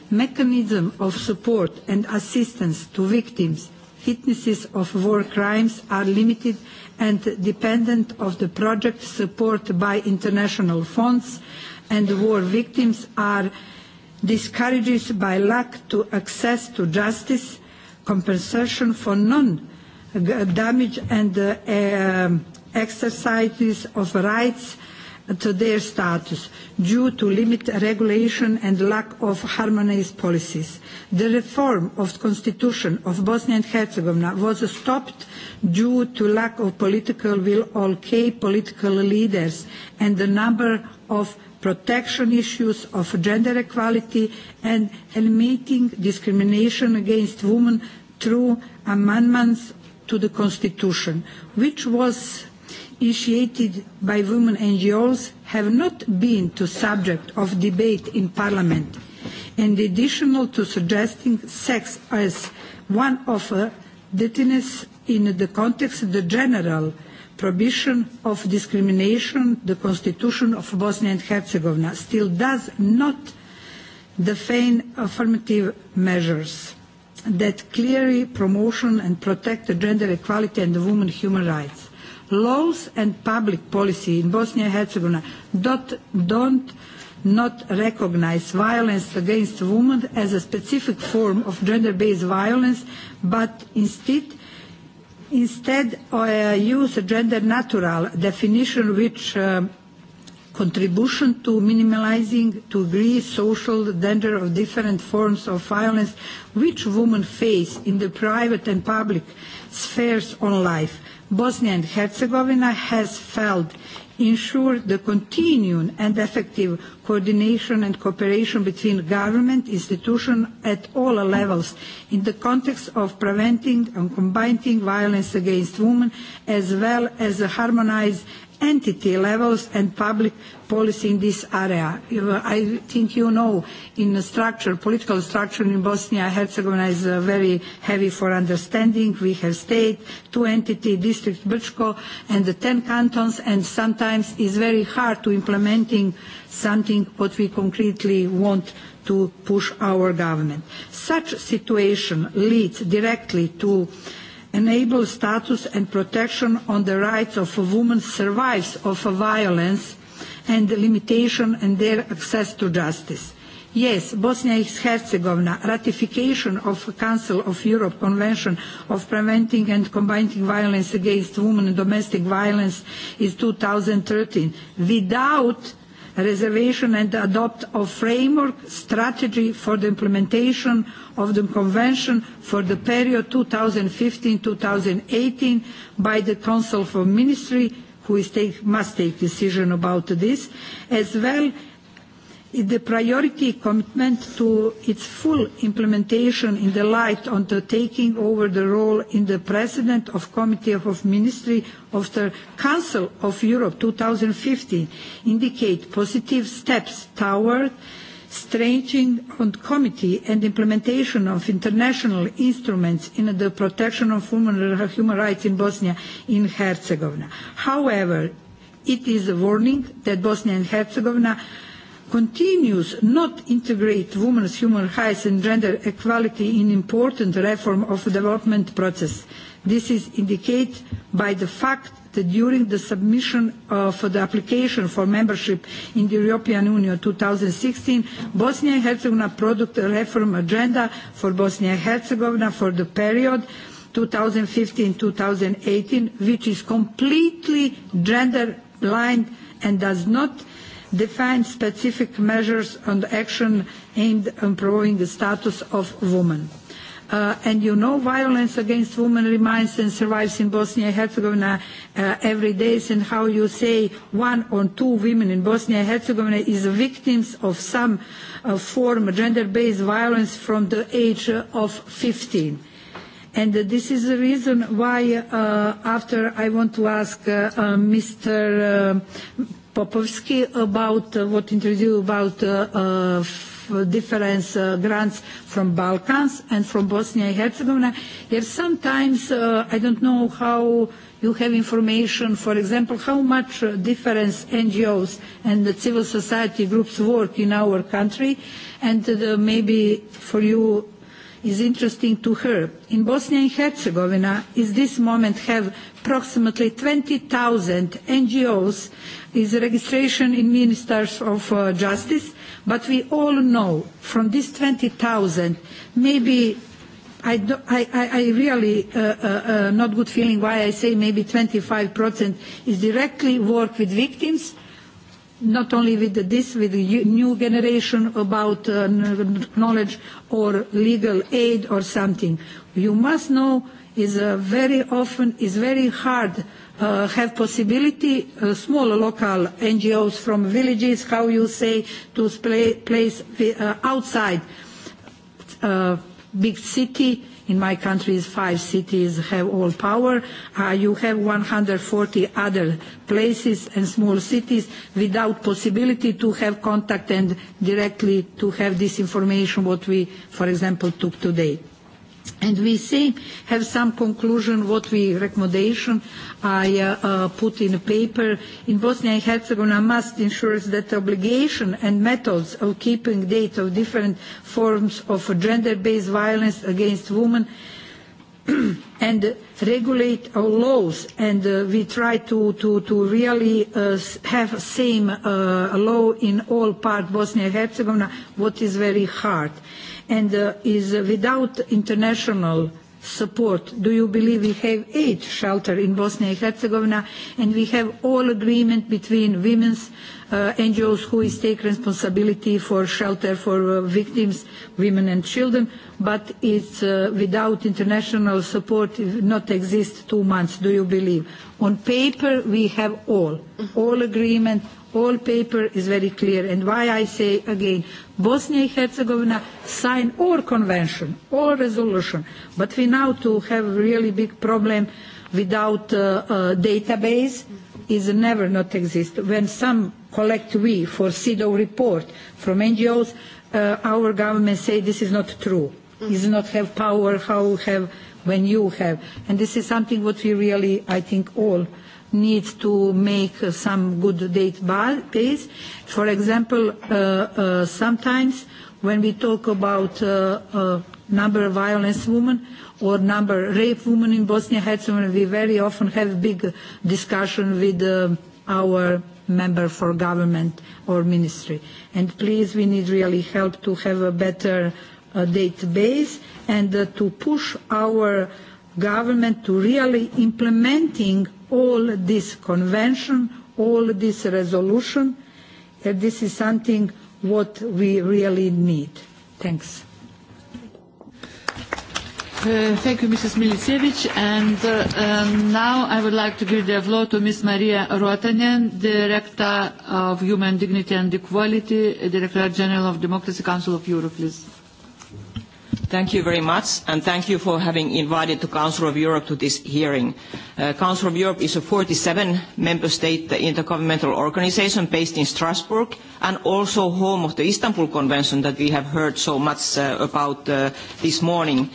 Mechanism of support and assistance to victims, witnesses of war crimes are limited and dependent of the project support by international funds and war victims are discourages by lack to access to justice compensation for non damage and exercises of rights to their status due to limited regulation and lack of harmonised policies. The reform of the constitution of Bosnia and Herzegovina was stopped due to lack of political will of key political leaders and the number of protection issues of gender equality and eliminating discrimination against women through amendments to the Constitution, which was initiated by women NGOs, have not been the subject of debate in Parliament. In addition to suggesting sex as one of the in the context of the general prohibition of discrimination, the Constitution of Bosnia and Herzegovina still does not define affirmative measures that clearly promotion and protect gender equality and women's human rights. Laws and public policy in Bosnia and Herzegovina do not recognise violence against women as a specific form of gender based violence, but instead instead use a gender natural definition which contribution to minimalizing to agree social danger of different forms of violence which women face in the private and public spheres of life. Bosnia and Herzegovina has failed ensure the continued and effective coordination and cooperation between government institutions at all levels in the context of preventing and combating violence against women as well as harmonised entity levels and public policy in this area. I think you know in the structure, political structure in Bosnia and Herzegovina is very heavy for understanding. We have state, two entity, district Brčko and the ten cantons and sometimes it's very hard to implementing something what we concretely want to push our government. Such situation leads directly to enable status and protection on the rights of women survives of violence and limitation in their access to justice. Yes, Bosnia and Herzegovina ratification of the Council of Europe Convention of Preventing and Combating Violence Against Women and Domestic Violence is 2013 without reservation and adopt a framework strategy for the implementation of the Convention for the period 2015-2018 by the Council for Ministry, who must take decision about this, as well the priority commitment to its full implementation in the light of the taking over the role in the President of Committee of Ministry of the Council of Europe 2015 indicate positive steps towards strengthening on committee and implementation of international instruments in the protection of human rights in Bosnia and Herzegovina. However, it is a warning that Bosnia and Herzegovina continues not integrate women's human rights and gender equality in important reform of development process. This is indicated by the fact that during the submission of the application for membership in the European Union 2016, Bosnia and Herzegovina produced a reform agenda for Bosnia and Herzegovina for the period 2015-2018, which is completely gender-blind and does not define specific measures and action aimed at improving the status of women. And you know violence against women remains and survives in Bosnia and Herzegovina every day and how you say one or two women in Bosnia and Herzegovina is victims of some form of gender based violence from the age of 15. And this is the reason why after I want to ask Mr Popovski about what introduced about difference grants from Balkans and from Bosnia and Herzegovina. Yes, sometimes I don't know how you have information, for example, how much difference NGOs and the civil society groups work in our country, and maybe for you is interesting to her. In Bosnia and Herzegovina, at this moment, have approximately 20,000 NGOs is registration in Ministers of Justice, but we all know from these 20,000, maybe I I really not good feeling why I say maybe 25% is directly work with victims not only with this, with the new generation about knowledge or legal aid or something. You must know is very often is very hard have possibility small local NGOs from villages, how you say, to place outside big city in my country five cities have all power. You have 140 other places and small cities without possibility to have contact and directly to have this information what we, for example, took today. And we have some conclusion, what we recommendation I put in a paper in Bosnia and Herzegovina must ensure that obligation and methods of keeping data of different forms of gender-based violence against women and regulate our laws and we try to to to really have same law in all part Bosnia and Herzegovina what is very hard and is without international support do you believe we have eight shelters in Bosnia and Herzegovina and we have all agreement between women's NGOs who is take responsibility for shelter for victims women and children but it's without international support it not exist two months do you believe on paper we have all all agreement all paper is very clear and why I say again Bosnia and Herzegovina sign all convention, all resolution, but we now to have a really big problem without database is never not exist. When some collect we for CEDAW report from NGOs, our government say this is not true. Is not have power how have when you have. And this is something what we really, I think, all need to make some good data base. For example, sometimes when we talk about number of violence women or number rape women in Bosnia-Herzegovina, we very often have big discussion with our member for government or ministry. And please, we need really help to have a better database and to push our government to really implementing all this convention, all this resolution, and this is something what we really need. Thanks. Thank you, Mrs. Milicevic. And now I would like to give the floor to Ms. Maria Rotanen, Director of Human Dignity and Equality, Director General of Democracy Council of Europe, please. Thank you very much, and thank you for having invited the Council of Europe to this hearing. Council of Europe is a 47-member state intergovernmental organisation based in Strasbourg, and also home of the Istanbul Convention that we have heard so much about this morning.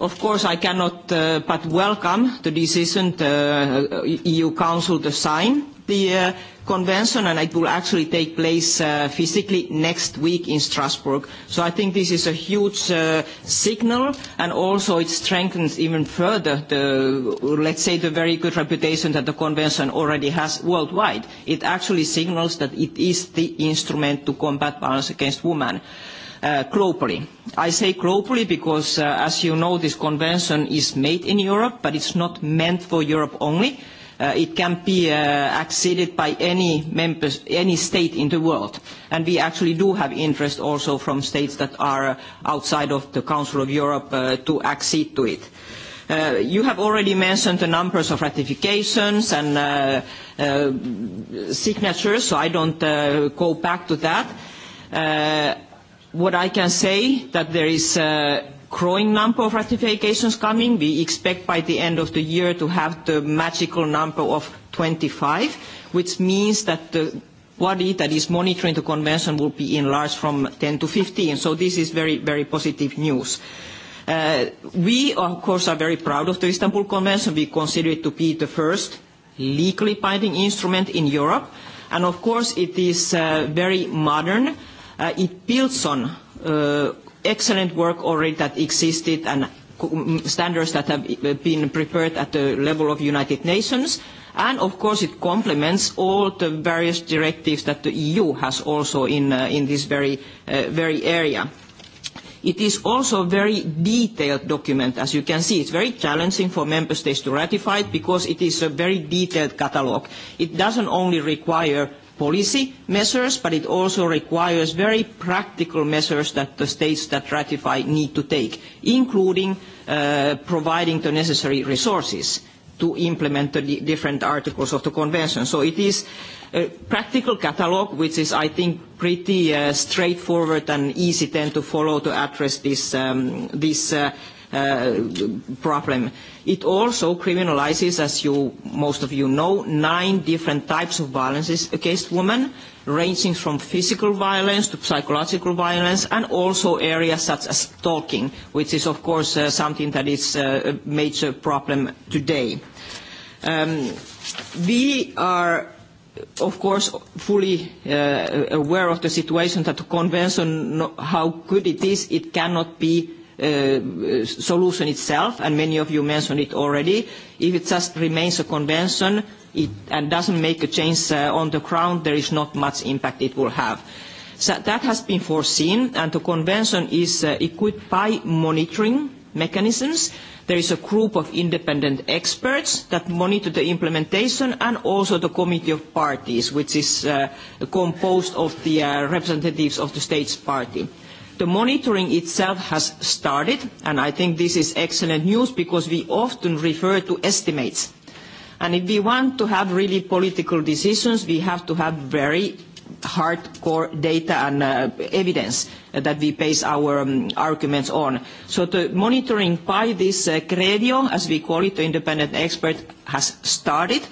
Of course, I cannot but welcome the decision the EU Council to sign the convention, and it will actually take place physically next week in Strasbourg. So I think this is a huge signal, and also it strengthens even further the, let's say, the very good reputation that the convention already has worldwide. It actually signals that it is the instrument to combat violence against women globally. I say globally because, as you know, this convention is made in Europe, but it's not meant for Europe only it can be acceded by any state in the world and we actually do have interest also from states that are outside of the council of europe to accede to it you have already mentioned the numbers of ratifications and signatures so i don't go back to that what i can say is that there is growing number of ratifications coming. We expect by the end of the year to have the magical number of 25, which means that the body that is monitoring the convention will be enlarged from 10 to 15. So this is very, very positive news. We, of course, are very proud of the Istanbul Convention. We consider it to be the first legally binding instrument in Europe. And, of course, it is very modern. It builds on excellent work already that existed and standards that have been prepared at the level of United Nations. And of course it complements all the various directives that the EU has also in this very area. It is also a very detailed document, as you can see. It's very challenging for member states to ratify it because it is a very detailed catalogue. It doesn't only require policy measures, but it also requires very practical measures that the states that ratify need to take, including providing the necessary resources to implement the different articles of the Convention. So it is a practical catalogue which is, I think, pretty straightforward and easy then to follow to address this problem. It also criminalizes, as most of you know, nine different types of violence against women, ranging from physical violence to psychological violence, and also areas such as stalking, which is, of course, something that is a major problem today. We are of course fully aware of the situation that the convention how good it is it cannot be solution itself, and many of you mentioned it already. If it just remains a convention and doesn't make a change on the ground, there is not much impact it will have. That has been foreseen, and the convention is equipped by monitoring mechanisms. There is a group of independent experts that monitor the implementation and also the committee of parties, which is composed of the representatives of the states party. The monitoring itself has started, and I think this is excellent news because we often refer to estimates. And if we want to have really political decisions, we have to have very hardcore data and evidence that we base our arguments on. So the monitoring by this credio, as we call it, the independent expert, has started.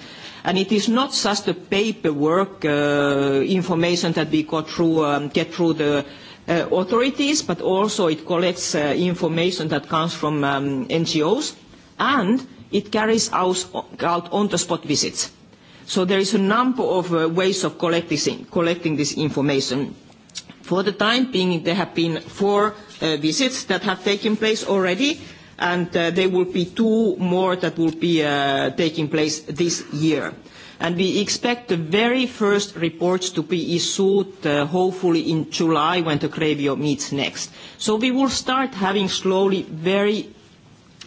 And it is not just the paperwork information that we get through the authorities, but also it collects information that comes from NGOs, and it carries out on-the-spot visits. So there is a number of ways of collecting this information. For the time being, there have been four visits that have taken place already, and there will be two more that will be taking place this year and we expect the very first reports to be issued hopefully in July when the CREVIO meets next. So we will start having slowly very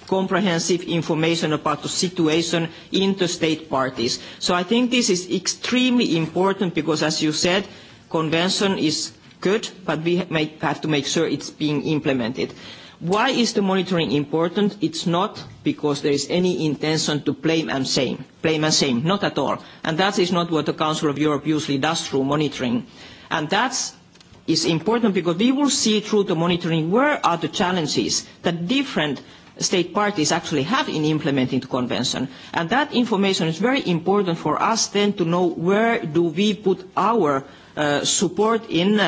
comprehensive information about the situation in the state parties. So I think this is extremely important because as you said, convention is good, but we have to make sure it's being implemented. Why is the monitoring important? It's not because there is any intention to blame and shame. Blame and shame, not at all. And that is not what the Council of Europe usually does through monitoring. And that is important because we will see through the monitoring where are the challenges that different state parties actually have in implementing the convention. And that information is very important for us then to know where do we put our support in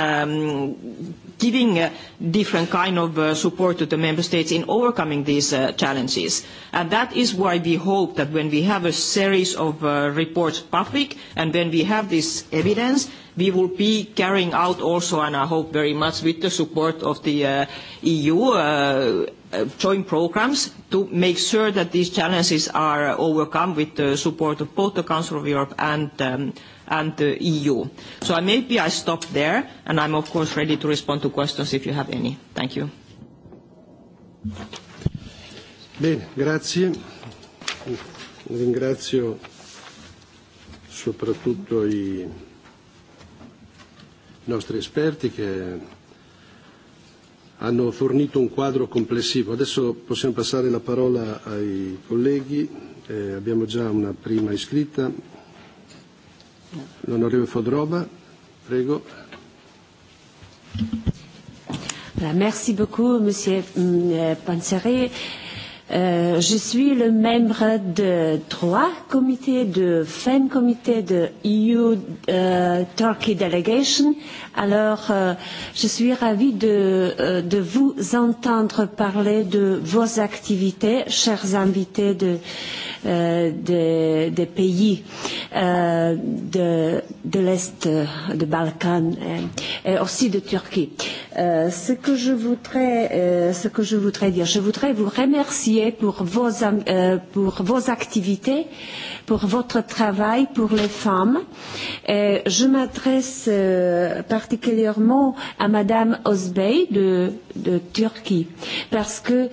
giving different kind of support to the member states in overcoming these challenges. And that is why we hope that when we have a series of reports public and when we have this evidence, we will be carrying out also, and I hope very much with the support of the EU, joint programs to make sure that these challenges are overcome with the support of both the Council of Europe and and the EU. So I maybe I stop there, and I'm of course ready to respond to questions if you have any. Thank you. Bene, grazie. Ringrazio soprattutto i nostri esperti che hanno fornito un quadro complessivo. Adesso possiamo passare la parola ai colleghi. Abbiamo già una prima iscritta L'onorevole prego. Merci beaucoup, Monsieur Panseri. Je suis le membre de trois comités de FEM, comité de EU Turkey Delegation Alors, je suis ravie de, vous entendre parler de vos activités, chers invités des pays de, l'Est, de Balkan et aussi de Turquie. Ce que je voudrais, ce que je voudrais dire, je voudrais vous remercier pour vos activités pour votre travail pour les femmes. Je m'adresse particulièrement à Madame Osbey de Turquie, parce que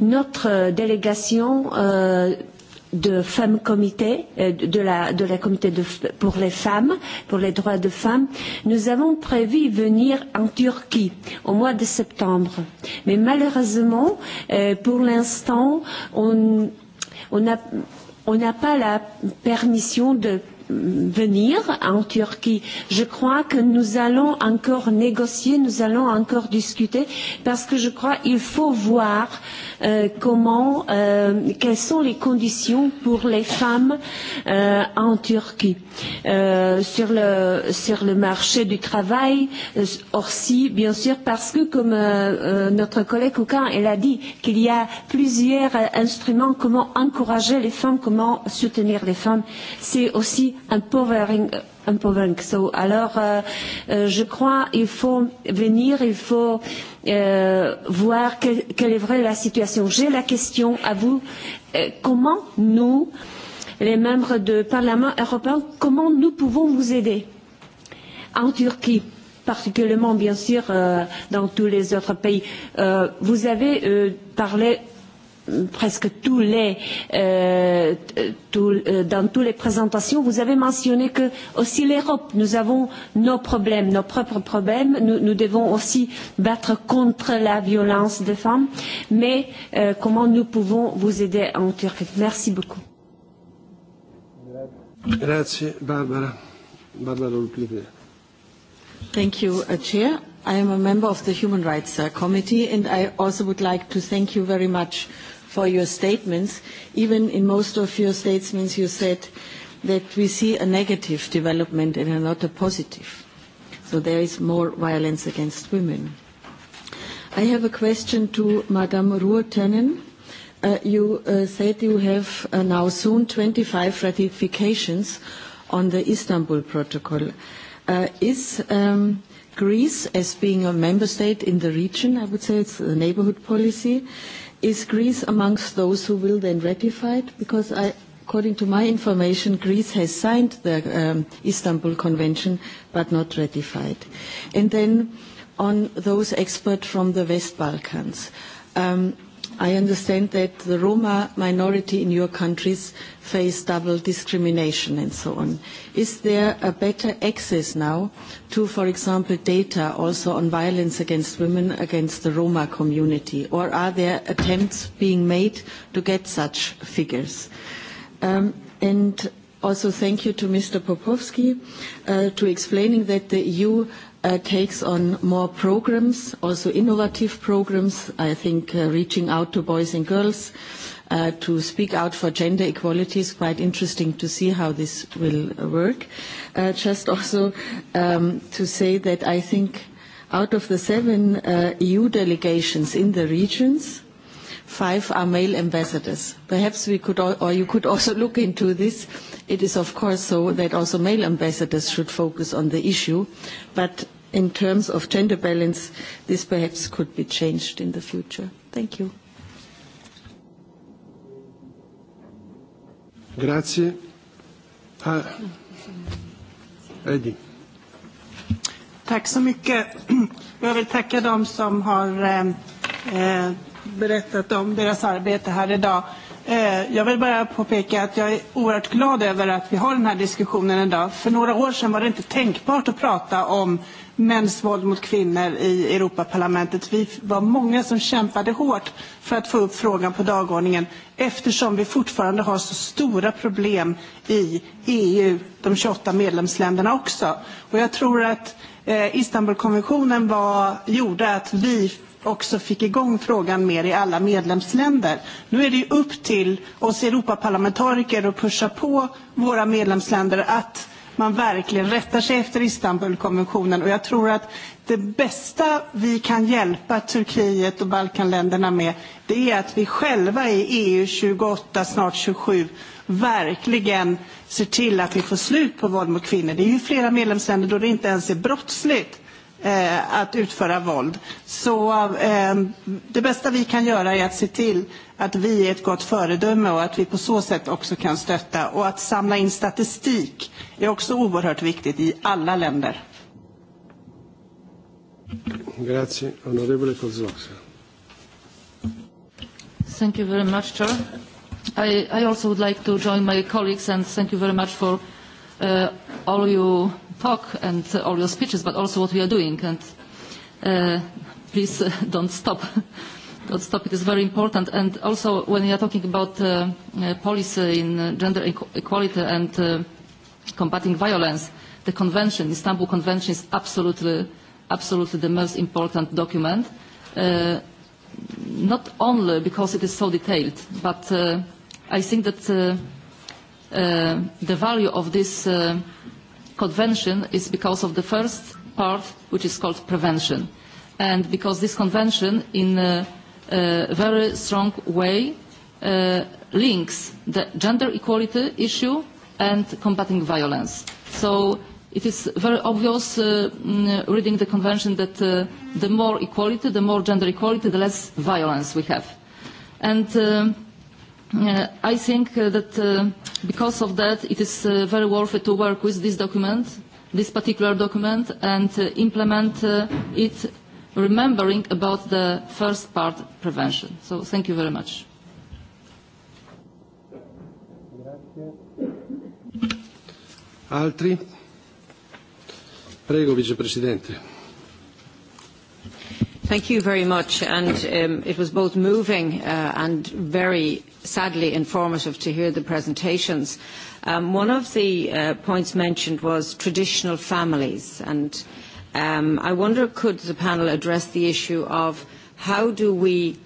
notre délégation de femmes comité de la comité pour les femmes pour les droits de femmes nous avons prévu venir en Turquie au mois de septembre mais malheureusement pour l'instant on on a on n'a pas la permission de venir en Turquie. Je crois que nous allons encore négocier, nous allons encore discuter, parce que je crois qu'il faut voir comment, quelles sont les conditions pour les femmes en Turquie sur le marché du travail aussi bien sûr parce que comme notre collègue Koukan elle a dit qu'il y a plusieurs instruments comment encourager les femmes comment soutenir les femmes c'est aussi un empowering un peu alors, je crois qu'il faut venir, il faut voir quelle est vraie la situation. J'ai la question à vous. Comment nous, les membres du Parlement européen, comment nous pouvons vous aider en Turquie particulièrement bien sûr dans tous les autres pays. Vous avez parlé presque tous les dans toutes les présentations vous avez mentionné que aussi l'Europe nous avons nos problèmes nos propres problèmes nous devons aussi battre contre la violence des femmes mais comment nous pouvons vous aider en Turquie merci beaucoup Grazie Barbara Barbara Thank you chair I am a member of the Human Rights Committee and I also would like to much for your statements. Even in most of your statements you said that we see a negative development and not a positive. So there is more violence against women. I have a question to Madame Uh, You said you have now soon 25 ratifications on the Istanbul Protocol. Is Greece, as being a member state in the region, I would say it's the neighborhood policy, Is Greece amongst those who will then ratify it? Because According to my information, Greece has signed the Istanbul Convention but not ratified. And then on those experts from the West Balkans. I understand that the Roma minority in your countries face double discrimination and so on. Is there a better access now to, for example, data also on violence against women, against the Roma community, or are there attempts being made to get such figures? And also thank you to Mr. Popovsky to explaining that the EU takes on more programs, also innovative programs. I think reaching out to boys and girls to speak out for gender equality is quite interesting to see how this will work. Just also to say that I think out of the seven EU delegations in the regions, five are male ambassadors. Perhaps we could, or you could also look into this. It is of course so that also male ambassadors should focus on the issue, but in terms of gender balance, this perhaps could be changed in the future. Thank you. Grazie. Tack så mycket. Jag vill tacka dem som har berättat om deras arbete här idag. Jag vill bara påpeka att jag är oerhört glad över att vi har den här diskussionen idag. För några år sedan var det inte tänkbart att prata om mäns våld mot kvinnor i Europaparlamentet. Vi var många som kämpade hårt för att få upp frågan på dagordningen eftersom vi fortfarande har så stora problem i EU, de 28 medlemsländerna också. Och jag tror att Istanbulkonventionen gjorde att vi också fick igång frågan mer i alla medlemsländer. Nu är det upp till oss Europaparlamentariker att pusha på våra medlemsländer att man verkligen rättar sig efter Istanbulkonventionen. Och jag tror att det bästa vi kan hjälpa Turkiet och Balkanländerna med det är att vi själva i EU 28, snart 27, verkligen ser till att vi får slut på våld mot kvinnor. Det är ju flera medlemsländer då det inte ens är brottsligt att utföra våld. Så det bästa vi kan göra är att se till att vi är ett gott föredöme och att vi på så sätt också kan stötta. Och att samla in statistik är också oerhört viktigt i alla länder. Grazie. Onorevole Thank you very much, Chair. I also would like to join my colleagues and thank you very much for all your talk and all your speeches, but also what we are doing. And please don't stop. Don't stop. It is very important. And also when you are talking about policy in gender equality and combating violence, the convention, Istanbul Convention, is absolutely, absolutely the most important document. Not only because it is so detailed, but I think that the value of this convention is because of the first part, which is called prevention, and because this convention in a very strong way links the gender equality issue and combating violence. So it is very obvious reading the convention that the more equality, the more gender equality, the less violence we have. And I think that because of that it is very worth it to work with this document, this particular document, and implement it remembering about the first part, prevention. So thank you very much. Altri? Prego, Presidente. Thank you very much. And it was both moving and very sadly informative to hear the presentations. One of the points mentioned was traditional families. And I wonder, could the panel address the issue of how do we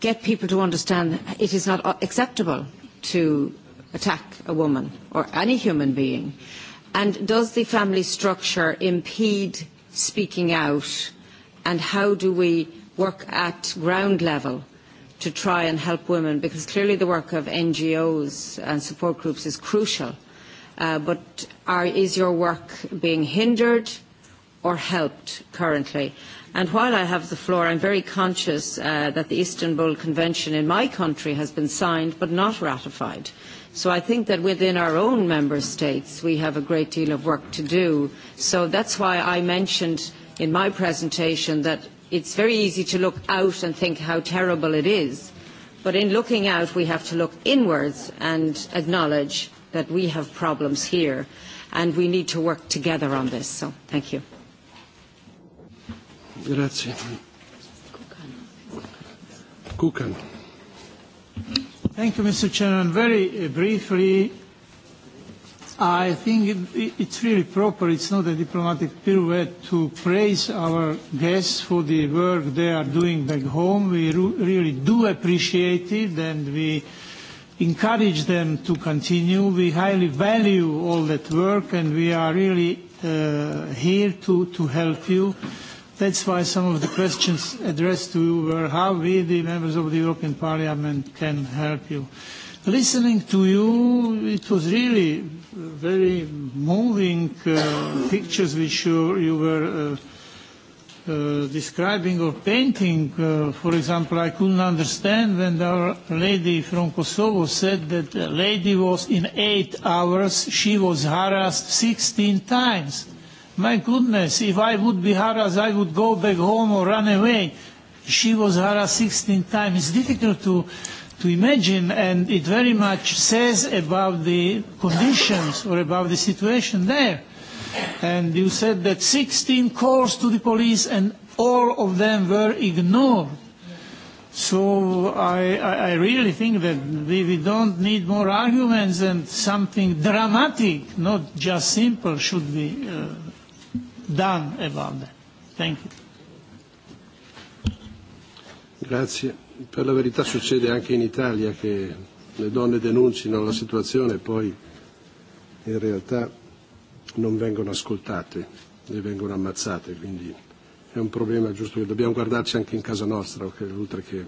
get people to understand it is not acceptable to attack a woman or any human being? And does the family structure impede speaking out? and how do we work at ground level to try and help women because clearly the work of NGOs and support groups is crucial but is your work being hindered or helped currently and while I have the floor I'm very conscious that the Istanbul Convention in my country has been signed but not ratified so I think that within our own member states we have a great deal of work to do so that's why I mentioned in my presentation that it's very easy to look out and think how terrible it is, but in looking out we have to look inwards and acknowledge that we have problems here and we need to work together on this. So thank you. Grazie. Kukan. Thank you, Mr. Chairman. Very briefly, I think it it's really proper, it's not a diplomatic pirouette to praise our guests for the work they are doing back home. We really do appreciate it and we encourage them to continue. We highly value all that work and we are really here to help you. That's why some of the questions addressed to you were how we, the members of the European Parliament, can help you. Listening to you, it was really very moving pictures which you were describing or painting. For example, I couldn't understand when our lady from Kosovo said that the lady was in eight hours, she was harassed 16 times. My goodness, if I would be harassed, I would go back home or run away. She was harassed 16 times. It's difficult to to imagine, and it very much says about the conditions or about the situation there. And you said that 16 calls to the police and all of them were ignored. So I, I really think that we, we don't need more arguments and something dramatic, not just simple, should be done about that. Thank you. Grazie per la verità succede anche in Italia che le donne denunciano la situazione e poi in realtà non vengono ascoltate e vengono ammazzate, quindi è un problema giusto che dobbiamo guardarci anche in casa nostra, oltre che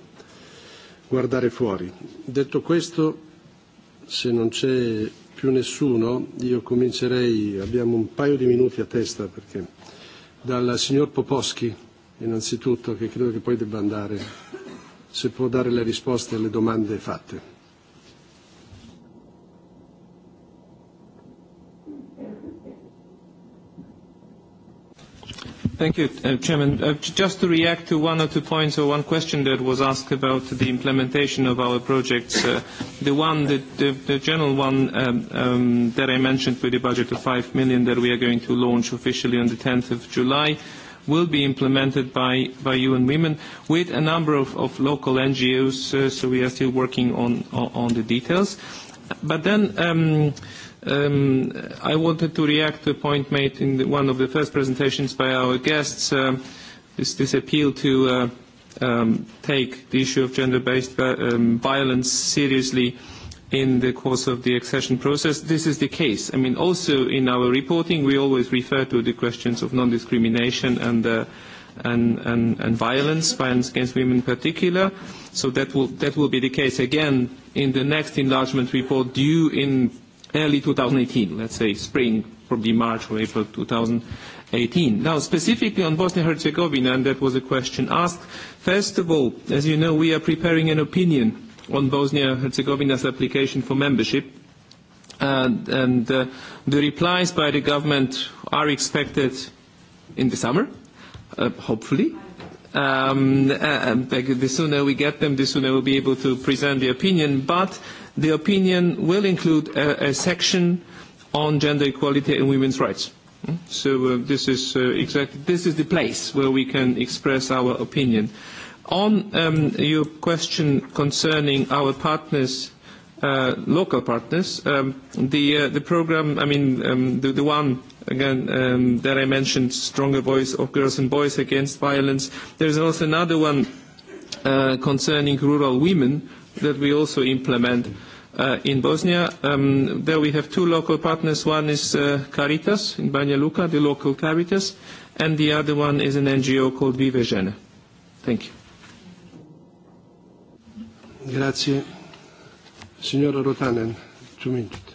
guardare fuori. Detto questo, se non c'è più nessuno, io comincerei, abbiamo un paio di minuti a testa, perché dal signor Poposchi innanzitutto, che credo che poi debba andare se può dare le risposte alle domande fatte. Thank you, Chairman. Just to react to one or two points or one question that was asked about the implementation of our projects, the one, the general one that I mentioned with the budget of 5 million that we are going to launch officially on the 10th of July will be implemented by UN Women with a number of local NGOs, so we are still working on the details. But then I wanted to react to a point made in one of the first presentations by our guests, this appeal to take the issue of gender-based violence seriously in the course of the accession process. This is the case. I mean, also in our reporting, we always refer to the questions of non-discrimination and violence, violence against women in particular. So that will that will be the case again in the next enlargement report due in early 2018, let's say spring, probably March or April 2018. Now, specifically on Bosnia-Herzegovina, and that was a question asked. First of all, as you know, we are preparing an opinion on Bosnia-Herzegovina's application for membership. And the replies by the government are expected in the summer, hopefully. The sooner we get them, the sooner we'll be able to present the opinion. But the opinion will include a section on gender equality and women's rights. So this is exactly this is the place where we can express our opinion. On your question concerning our partners, local partners, the program, I mean, the one, again, that I mentioned, Stronger Voice of Girls and Boys Against Violence, there is also another one concerning rural women that we also implement in Bosnia. There we have two local partners. One is Caritas in Banja Luka, the local Caritas, and the other one is an NGO called Vive Thank you. Grazie. Signora Rotanen, two minutes.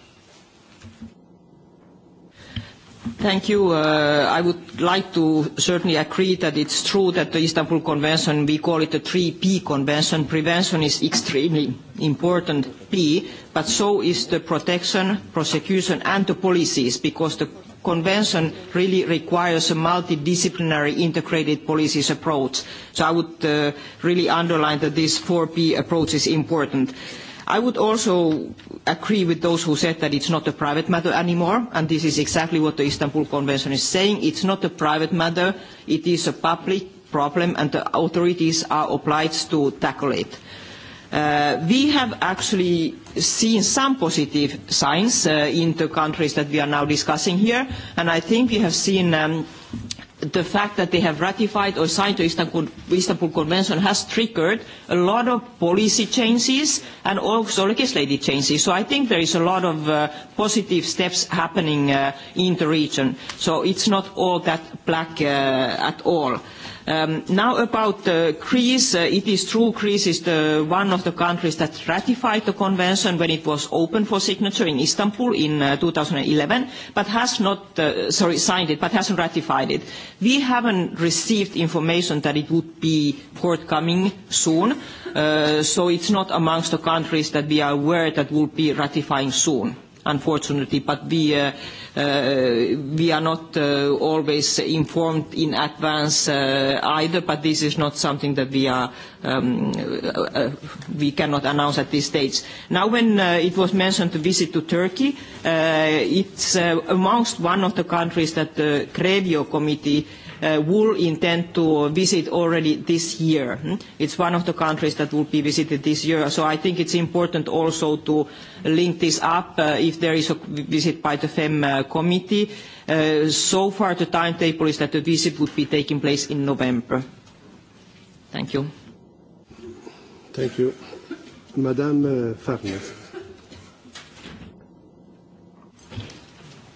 Thank you. I would like to certainly agree that it's true that the Istanbul Convention, we call it the 3P Convention. Prevention is extremely important P, but so is the protection, prosecution and the policies, because the Convention really requires a multidisciplinary integrated policies approach. So I would really underline that this 4P approach is important. I would also agree with those who said that it's not a private matter anymore, and this is exactly what the Istanbul Convention is saying. It's not a private matter, it is a public problem, and the authorities are obliged to tackle it. We have actually seen some positive signs in the countries that we are now discussing here, and I think we have seen the fact that they have ratified or signed the Istanbul Convention has triggered a lot of policy changes and also legislative changes. So I think there is a lot of positive steps happening in the region. So it's not all that black at all. Now about Greece, it is true Greece is one of the countries that ratified the convention when it was open for signature in Istanbul in 2011, but has not, sorry, signed it, but has not ratified it. We haven't received information that it would be forthcoming soon, so it's not amongst the countries that we are aware that will be ratifying soon unfortunately, but we are not always informed in advance either, but this is not something that we cannot announce at this stage. Now when it was mentioned the visit to Turkey, it's amongst one of the countries that the Crevio Committee will intend to visit already this year. It's one of the countries that will be visited this year. So I think it's important also to link this up if there is a visit by the FEM committee. So far the timetable is that the visit would be taking place in November. Thank you. Thank you. Madame Farnes.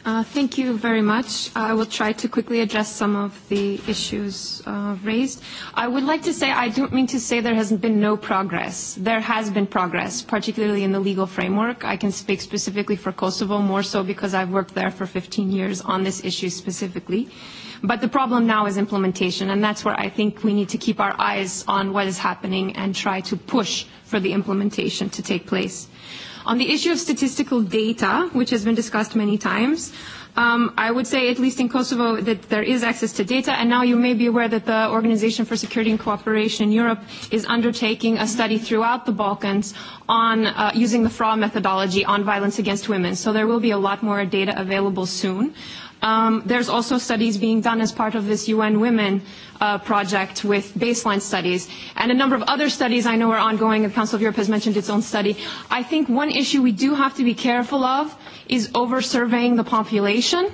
Thank you very much. I will try to quickly address some of the issues raised. I would like to say I don't mean to say there hasn't been no progress. There has been progress, particularly in the legal framework. I can speak specifically for Kosovo, more so because I've worked there for 15 years on this issue specifically. But the problem now is implementation, and that's where I think we need to keep our eyes on what is happening and try to push for the implementation to take place. On the issue of statistical data, which has been discussed many times, I would say, at least in Kosovo, that there is access to data. And now you may be aware that the Organization for Security and Cooperation in Europe is undertaking a study throughout the Balkans on using the fraud methodology on violence against women. So there will be a lot more data available soon. There's also studies being done as part of this UN Women project with baseline studies. And a number of other studies I know are ongoing. The Council of Europe has mentioned its own study. I think one issue we do have to be careful of is over-surveying the population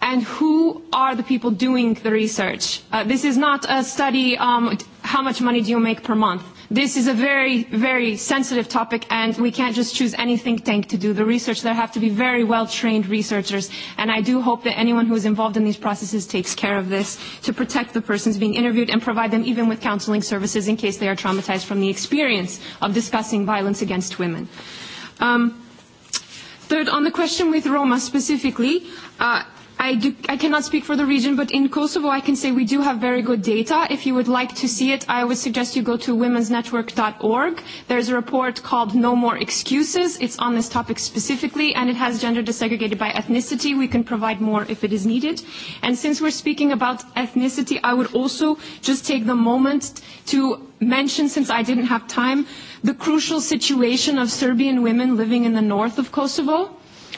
and who are the people doing the research. This is not a study, how much money do you make per month? This is a very, very sensitive topic, and we can't just choose any think tank to do the research. There have to be very well-trained researchers, and I do hope that anyone who is involved in these processes takes care of this to protect the persons being interviewed and provide them even with counseling services in case they are traumatized from the experience of discussing violence against women. Third, on the question with Roma specifically, I cannot speak for the region, but in Kosovo I can say we do have very good data. If you would like to see it, I would suggest you go to womensnetwork.org. There's a report called No More Excuses. It's on this topic specifically, and it has gender desegregated by ethnicity. We can provide more if it is needed. And since we're speaking about ethnicity, I would also just take the moment to mention, since I didn't have time, the crucial situation of Serbian women living in the north of Kosovo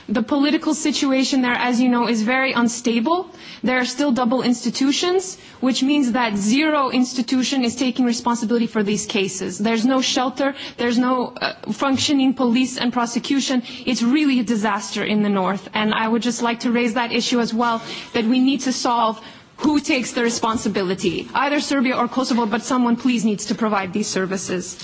The political situation there, as you know, is very unstable. There are still double institutions, which means that zero institution is taking responsibility for these cases. There's no shelter. There's no functioning police and prosecution. It's really a disaster in the north. And I would just like to raise that issue as well, that we need to solve who takes the responsibility, either Serbia or Kosovo, but someone please needs to provide these services.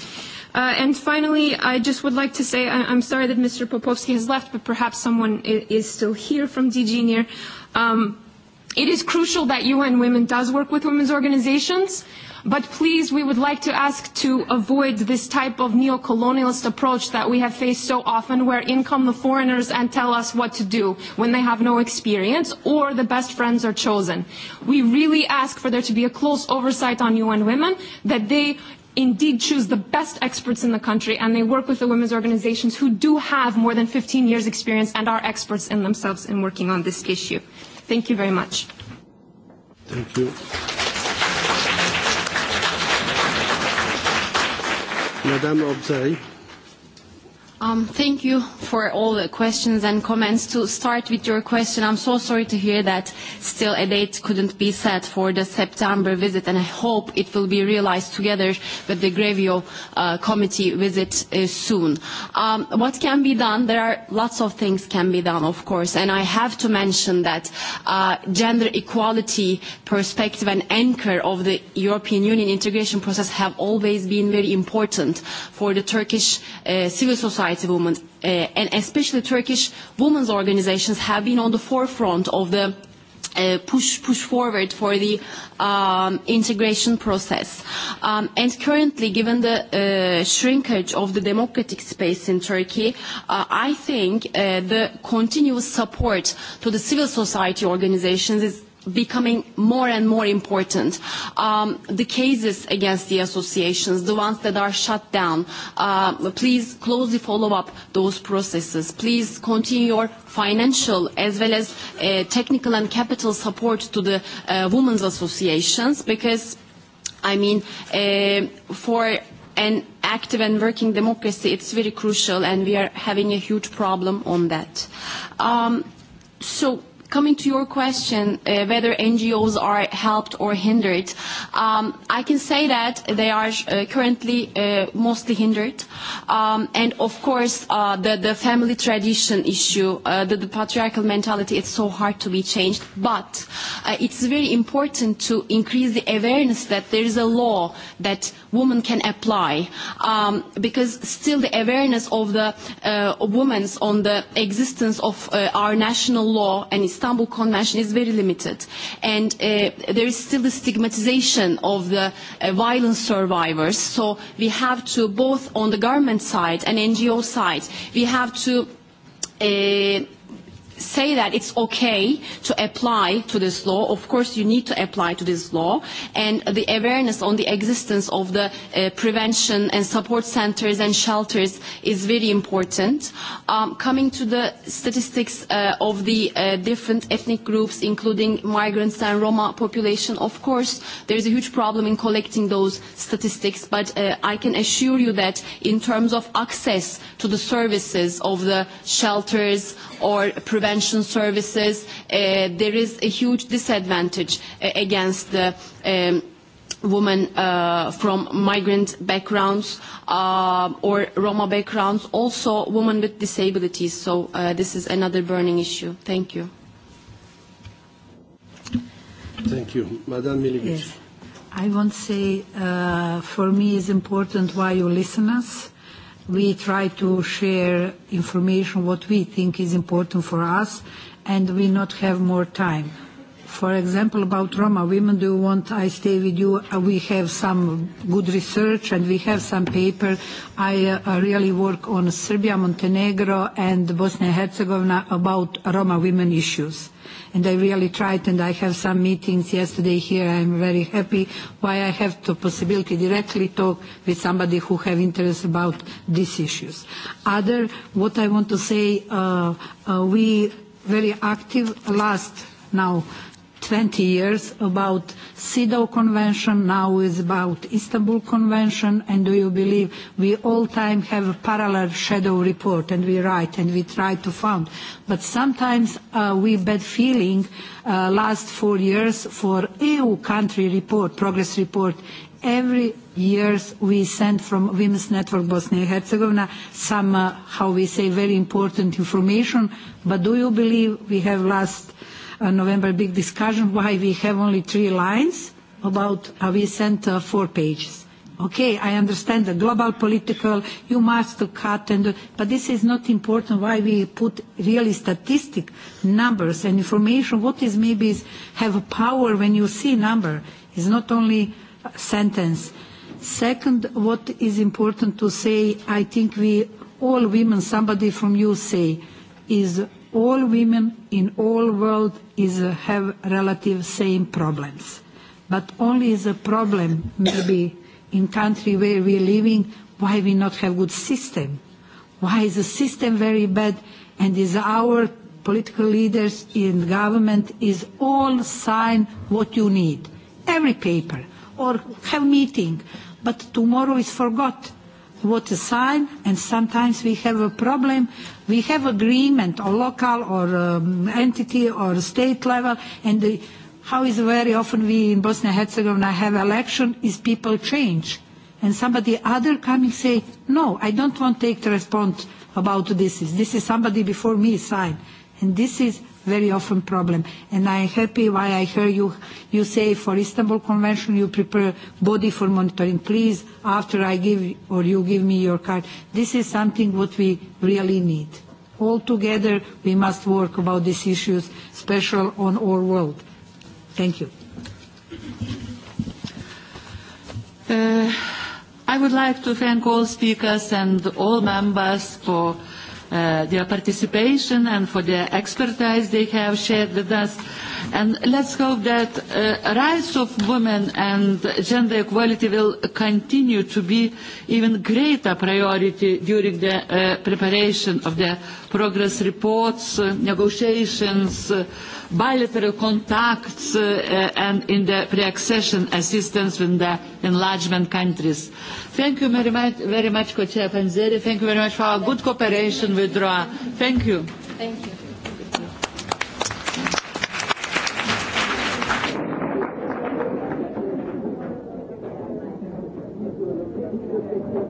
And finally, I just would like to say I'm sorry that Mr. Popovsky has left, but perhaps someone is still here from DG Um It is crucial that UN Women does work with women's organizations, but please, we would like to ask to avoid this type of neo-colonialist approach that we have faced so often, where in come the foreigners and tell us what to do when they have no experience or the best friends are chosen. We really ask for there to be a close oversight on UN Women, that they indeed choose the best experts in the country and they work with the women's organizations who do have more than 15 years experience and are experts in themselves in working on this issue. Thank you very much. Thank you. Madame Thank you for all the questions and comments. To start with your question, I'm so sorry to hear that still a date couldn't be set for the September visit, and I hope it will be realized together with the Grevio committee visit soon. What can be done? There are lots of things can be done, of course, and I have to mention that gender equality perspective and anchor of the European Union integration process have always been very important for the Turkish civil society and especially Turkish women's organizations have been on the forefront of the push push forward for the integration process. And currently, given the shrinkage of the democratic space in Turkey, I think the continuous support to the civil society organizations is becoming more and more important. The cases against the associations, the ones that are shut down, please closely follow up those processes. Please continue your financial as well as technical and capital support to the women's associations because, I mean, for an active and working democracy, it's very crucial and we are having a huge problem on that. So Coming to your question, whether NGOs are helped or hindered, I can say that they are currently mostly hindered. And of course, the family tradition issue, the patriarchal mentality, it's so hard to be changed. But it's very important to increase the awareness that there is a law that women can apply, because still the awareness of the women's on the existence of our national law and Istanbul Convention is very limited. And there is still the stigmatization of the violence survivors. So we have to, both on the government side and NGO side, we have to say that it's okay to apply to this law. Of course, you need to apply to this law. And the awareness on the existence of the prevention and support centers and shelters is very important. Coming to the statistics of the different ethnic groups, including migrants and Roma population, of course, there is a huge problem in collecting those statistics. But I can assure you that in terms of access to the services of the shelters or prevention, pension services, there is a huge disadvantage against the women from migrant backgrounds or Roma backgrounds, also women with disabilities. So this is another burning issue. Thank you. Thank you. Madam Milivic. I want to say for me it's important why you listen us we try to share information what we think is important for us and we not have more time. For example, about Roma women, do you want I stay with you? We have some good research and we have some paper. I really work on Serbia, Montenegro and Bosnia Herzegovina about Roma women issues and I really tried and I have some meetings yesterday here. I am very happy why I have the possibility directly talk with somebody who have interest about these issues. Other, what I want to say, we very active last now 20 years about CEDAW Convention, now is about Istanbul Convention, and do you believe we all time have a parallel shadow report and we write and we try to found. But sometimes we bad feeling last four years for EU country report, progress report, every year we send from Women's Network Bosnia and Herzegovina some, how we say, very important information, but do you believe we have last November big discussion why we have only three lines about we sent four pages. Okay, I understand the global political, you must cut, and but this is not important why we put really statistic numbers and information. What is maybe is have power when you see number. is not only sentence. Second, what is important to say, I think we all women, somebody from you say, is all women in all world is have relative same problems but only is a problem maybe in country where we are living why we not have good system why is the system very bad and is our political leaders in government is all sign what you need every paper or have meeting but tomorrow is forgot what to sign and sometimes we have a problem we have agreement on local or entity or state level and how is very often we in Bosnia Herzegovina have election is people change and somebody other coming say no I don't want to take the response about this this is somebody before me sign and this is very often problem. And I am happy why I hear you, you say for Istanbul Convention you prepare body for monitoring. Please, after I give or you give me your card, this is something what we really need. All together we must work about these issues, special on our world. Thank you. I would like to thank all speakers and all members for their participation and for the expertise they have shared with us. And let's hope that rights of women and gender equality will continue to be even greater priority during the preparation of the progress reports, negotiations, bilateral contacts and in the pre-accession assistance in the enlargement countries. Thank you very much, very Co-Chair Panzeri. Thank you very much for our good cooperation with DROA. Thank you.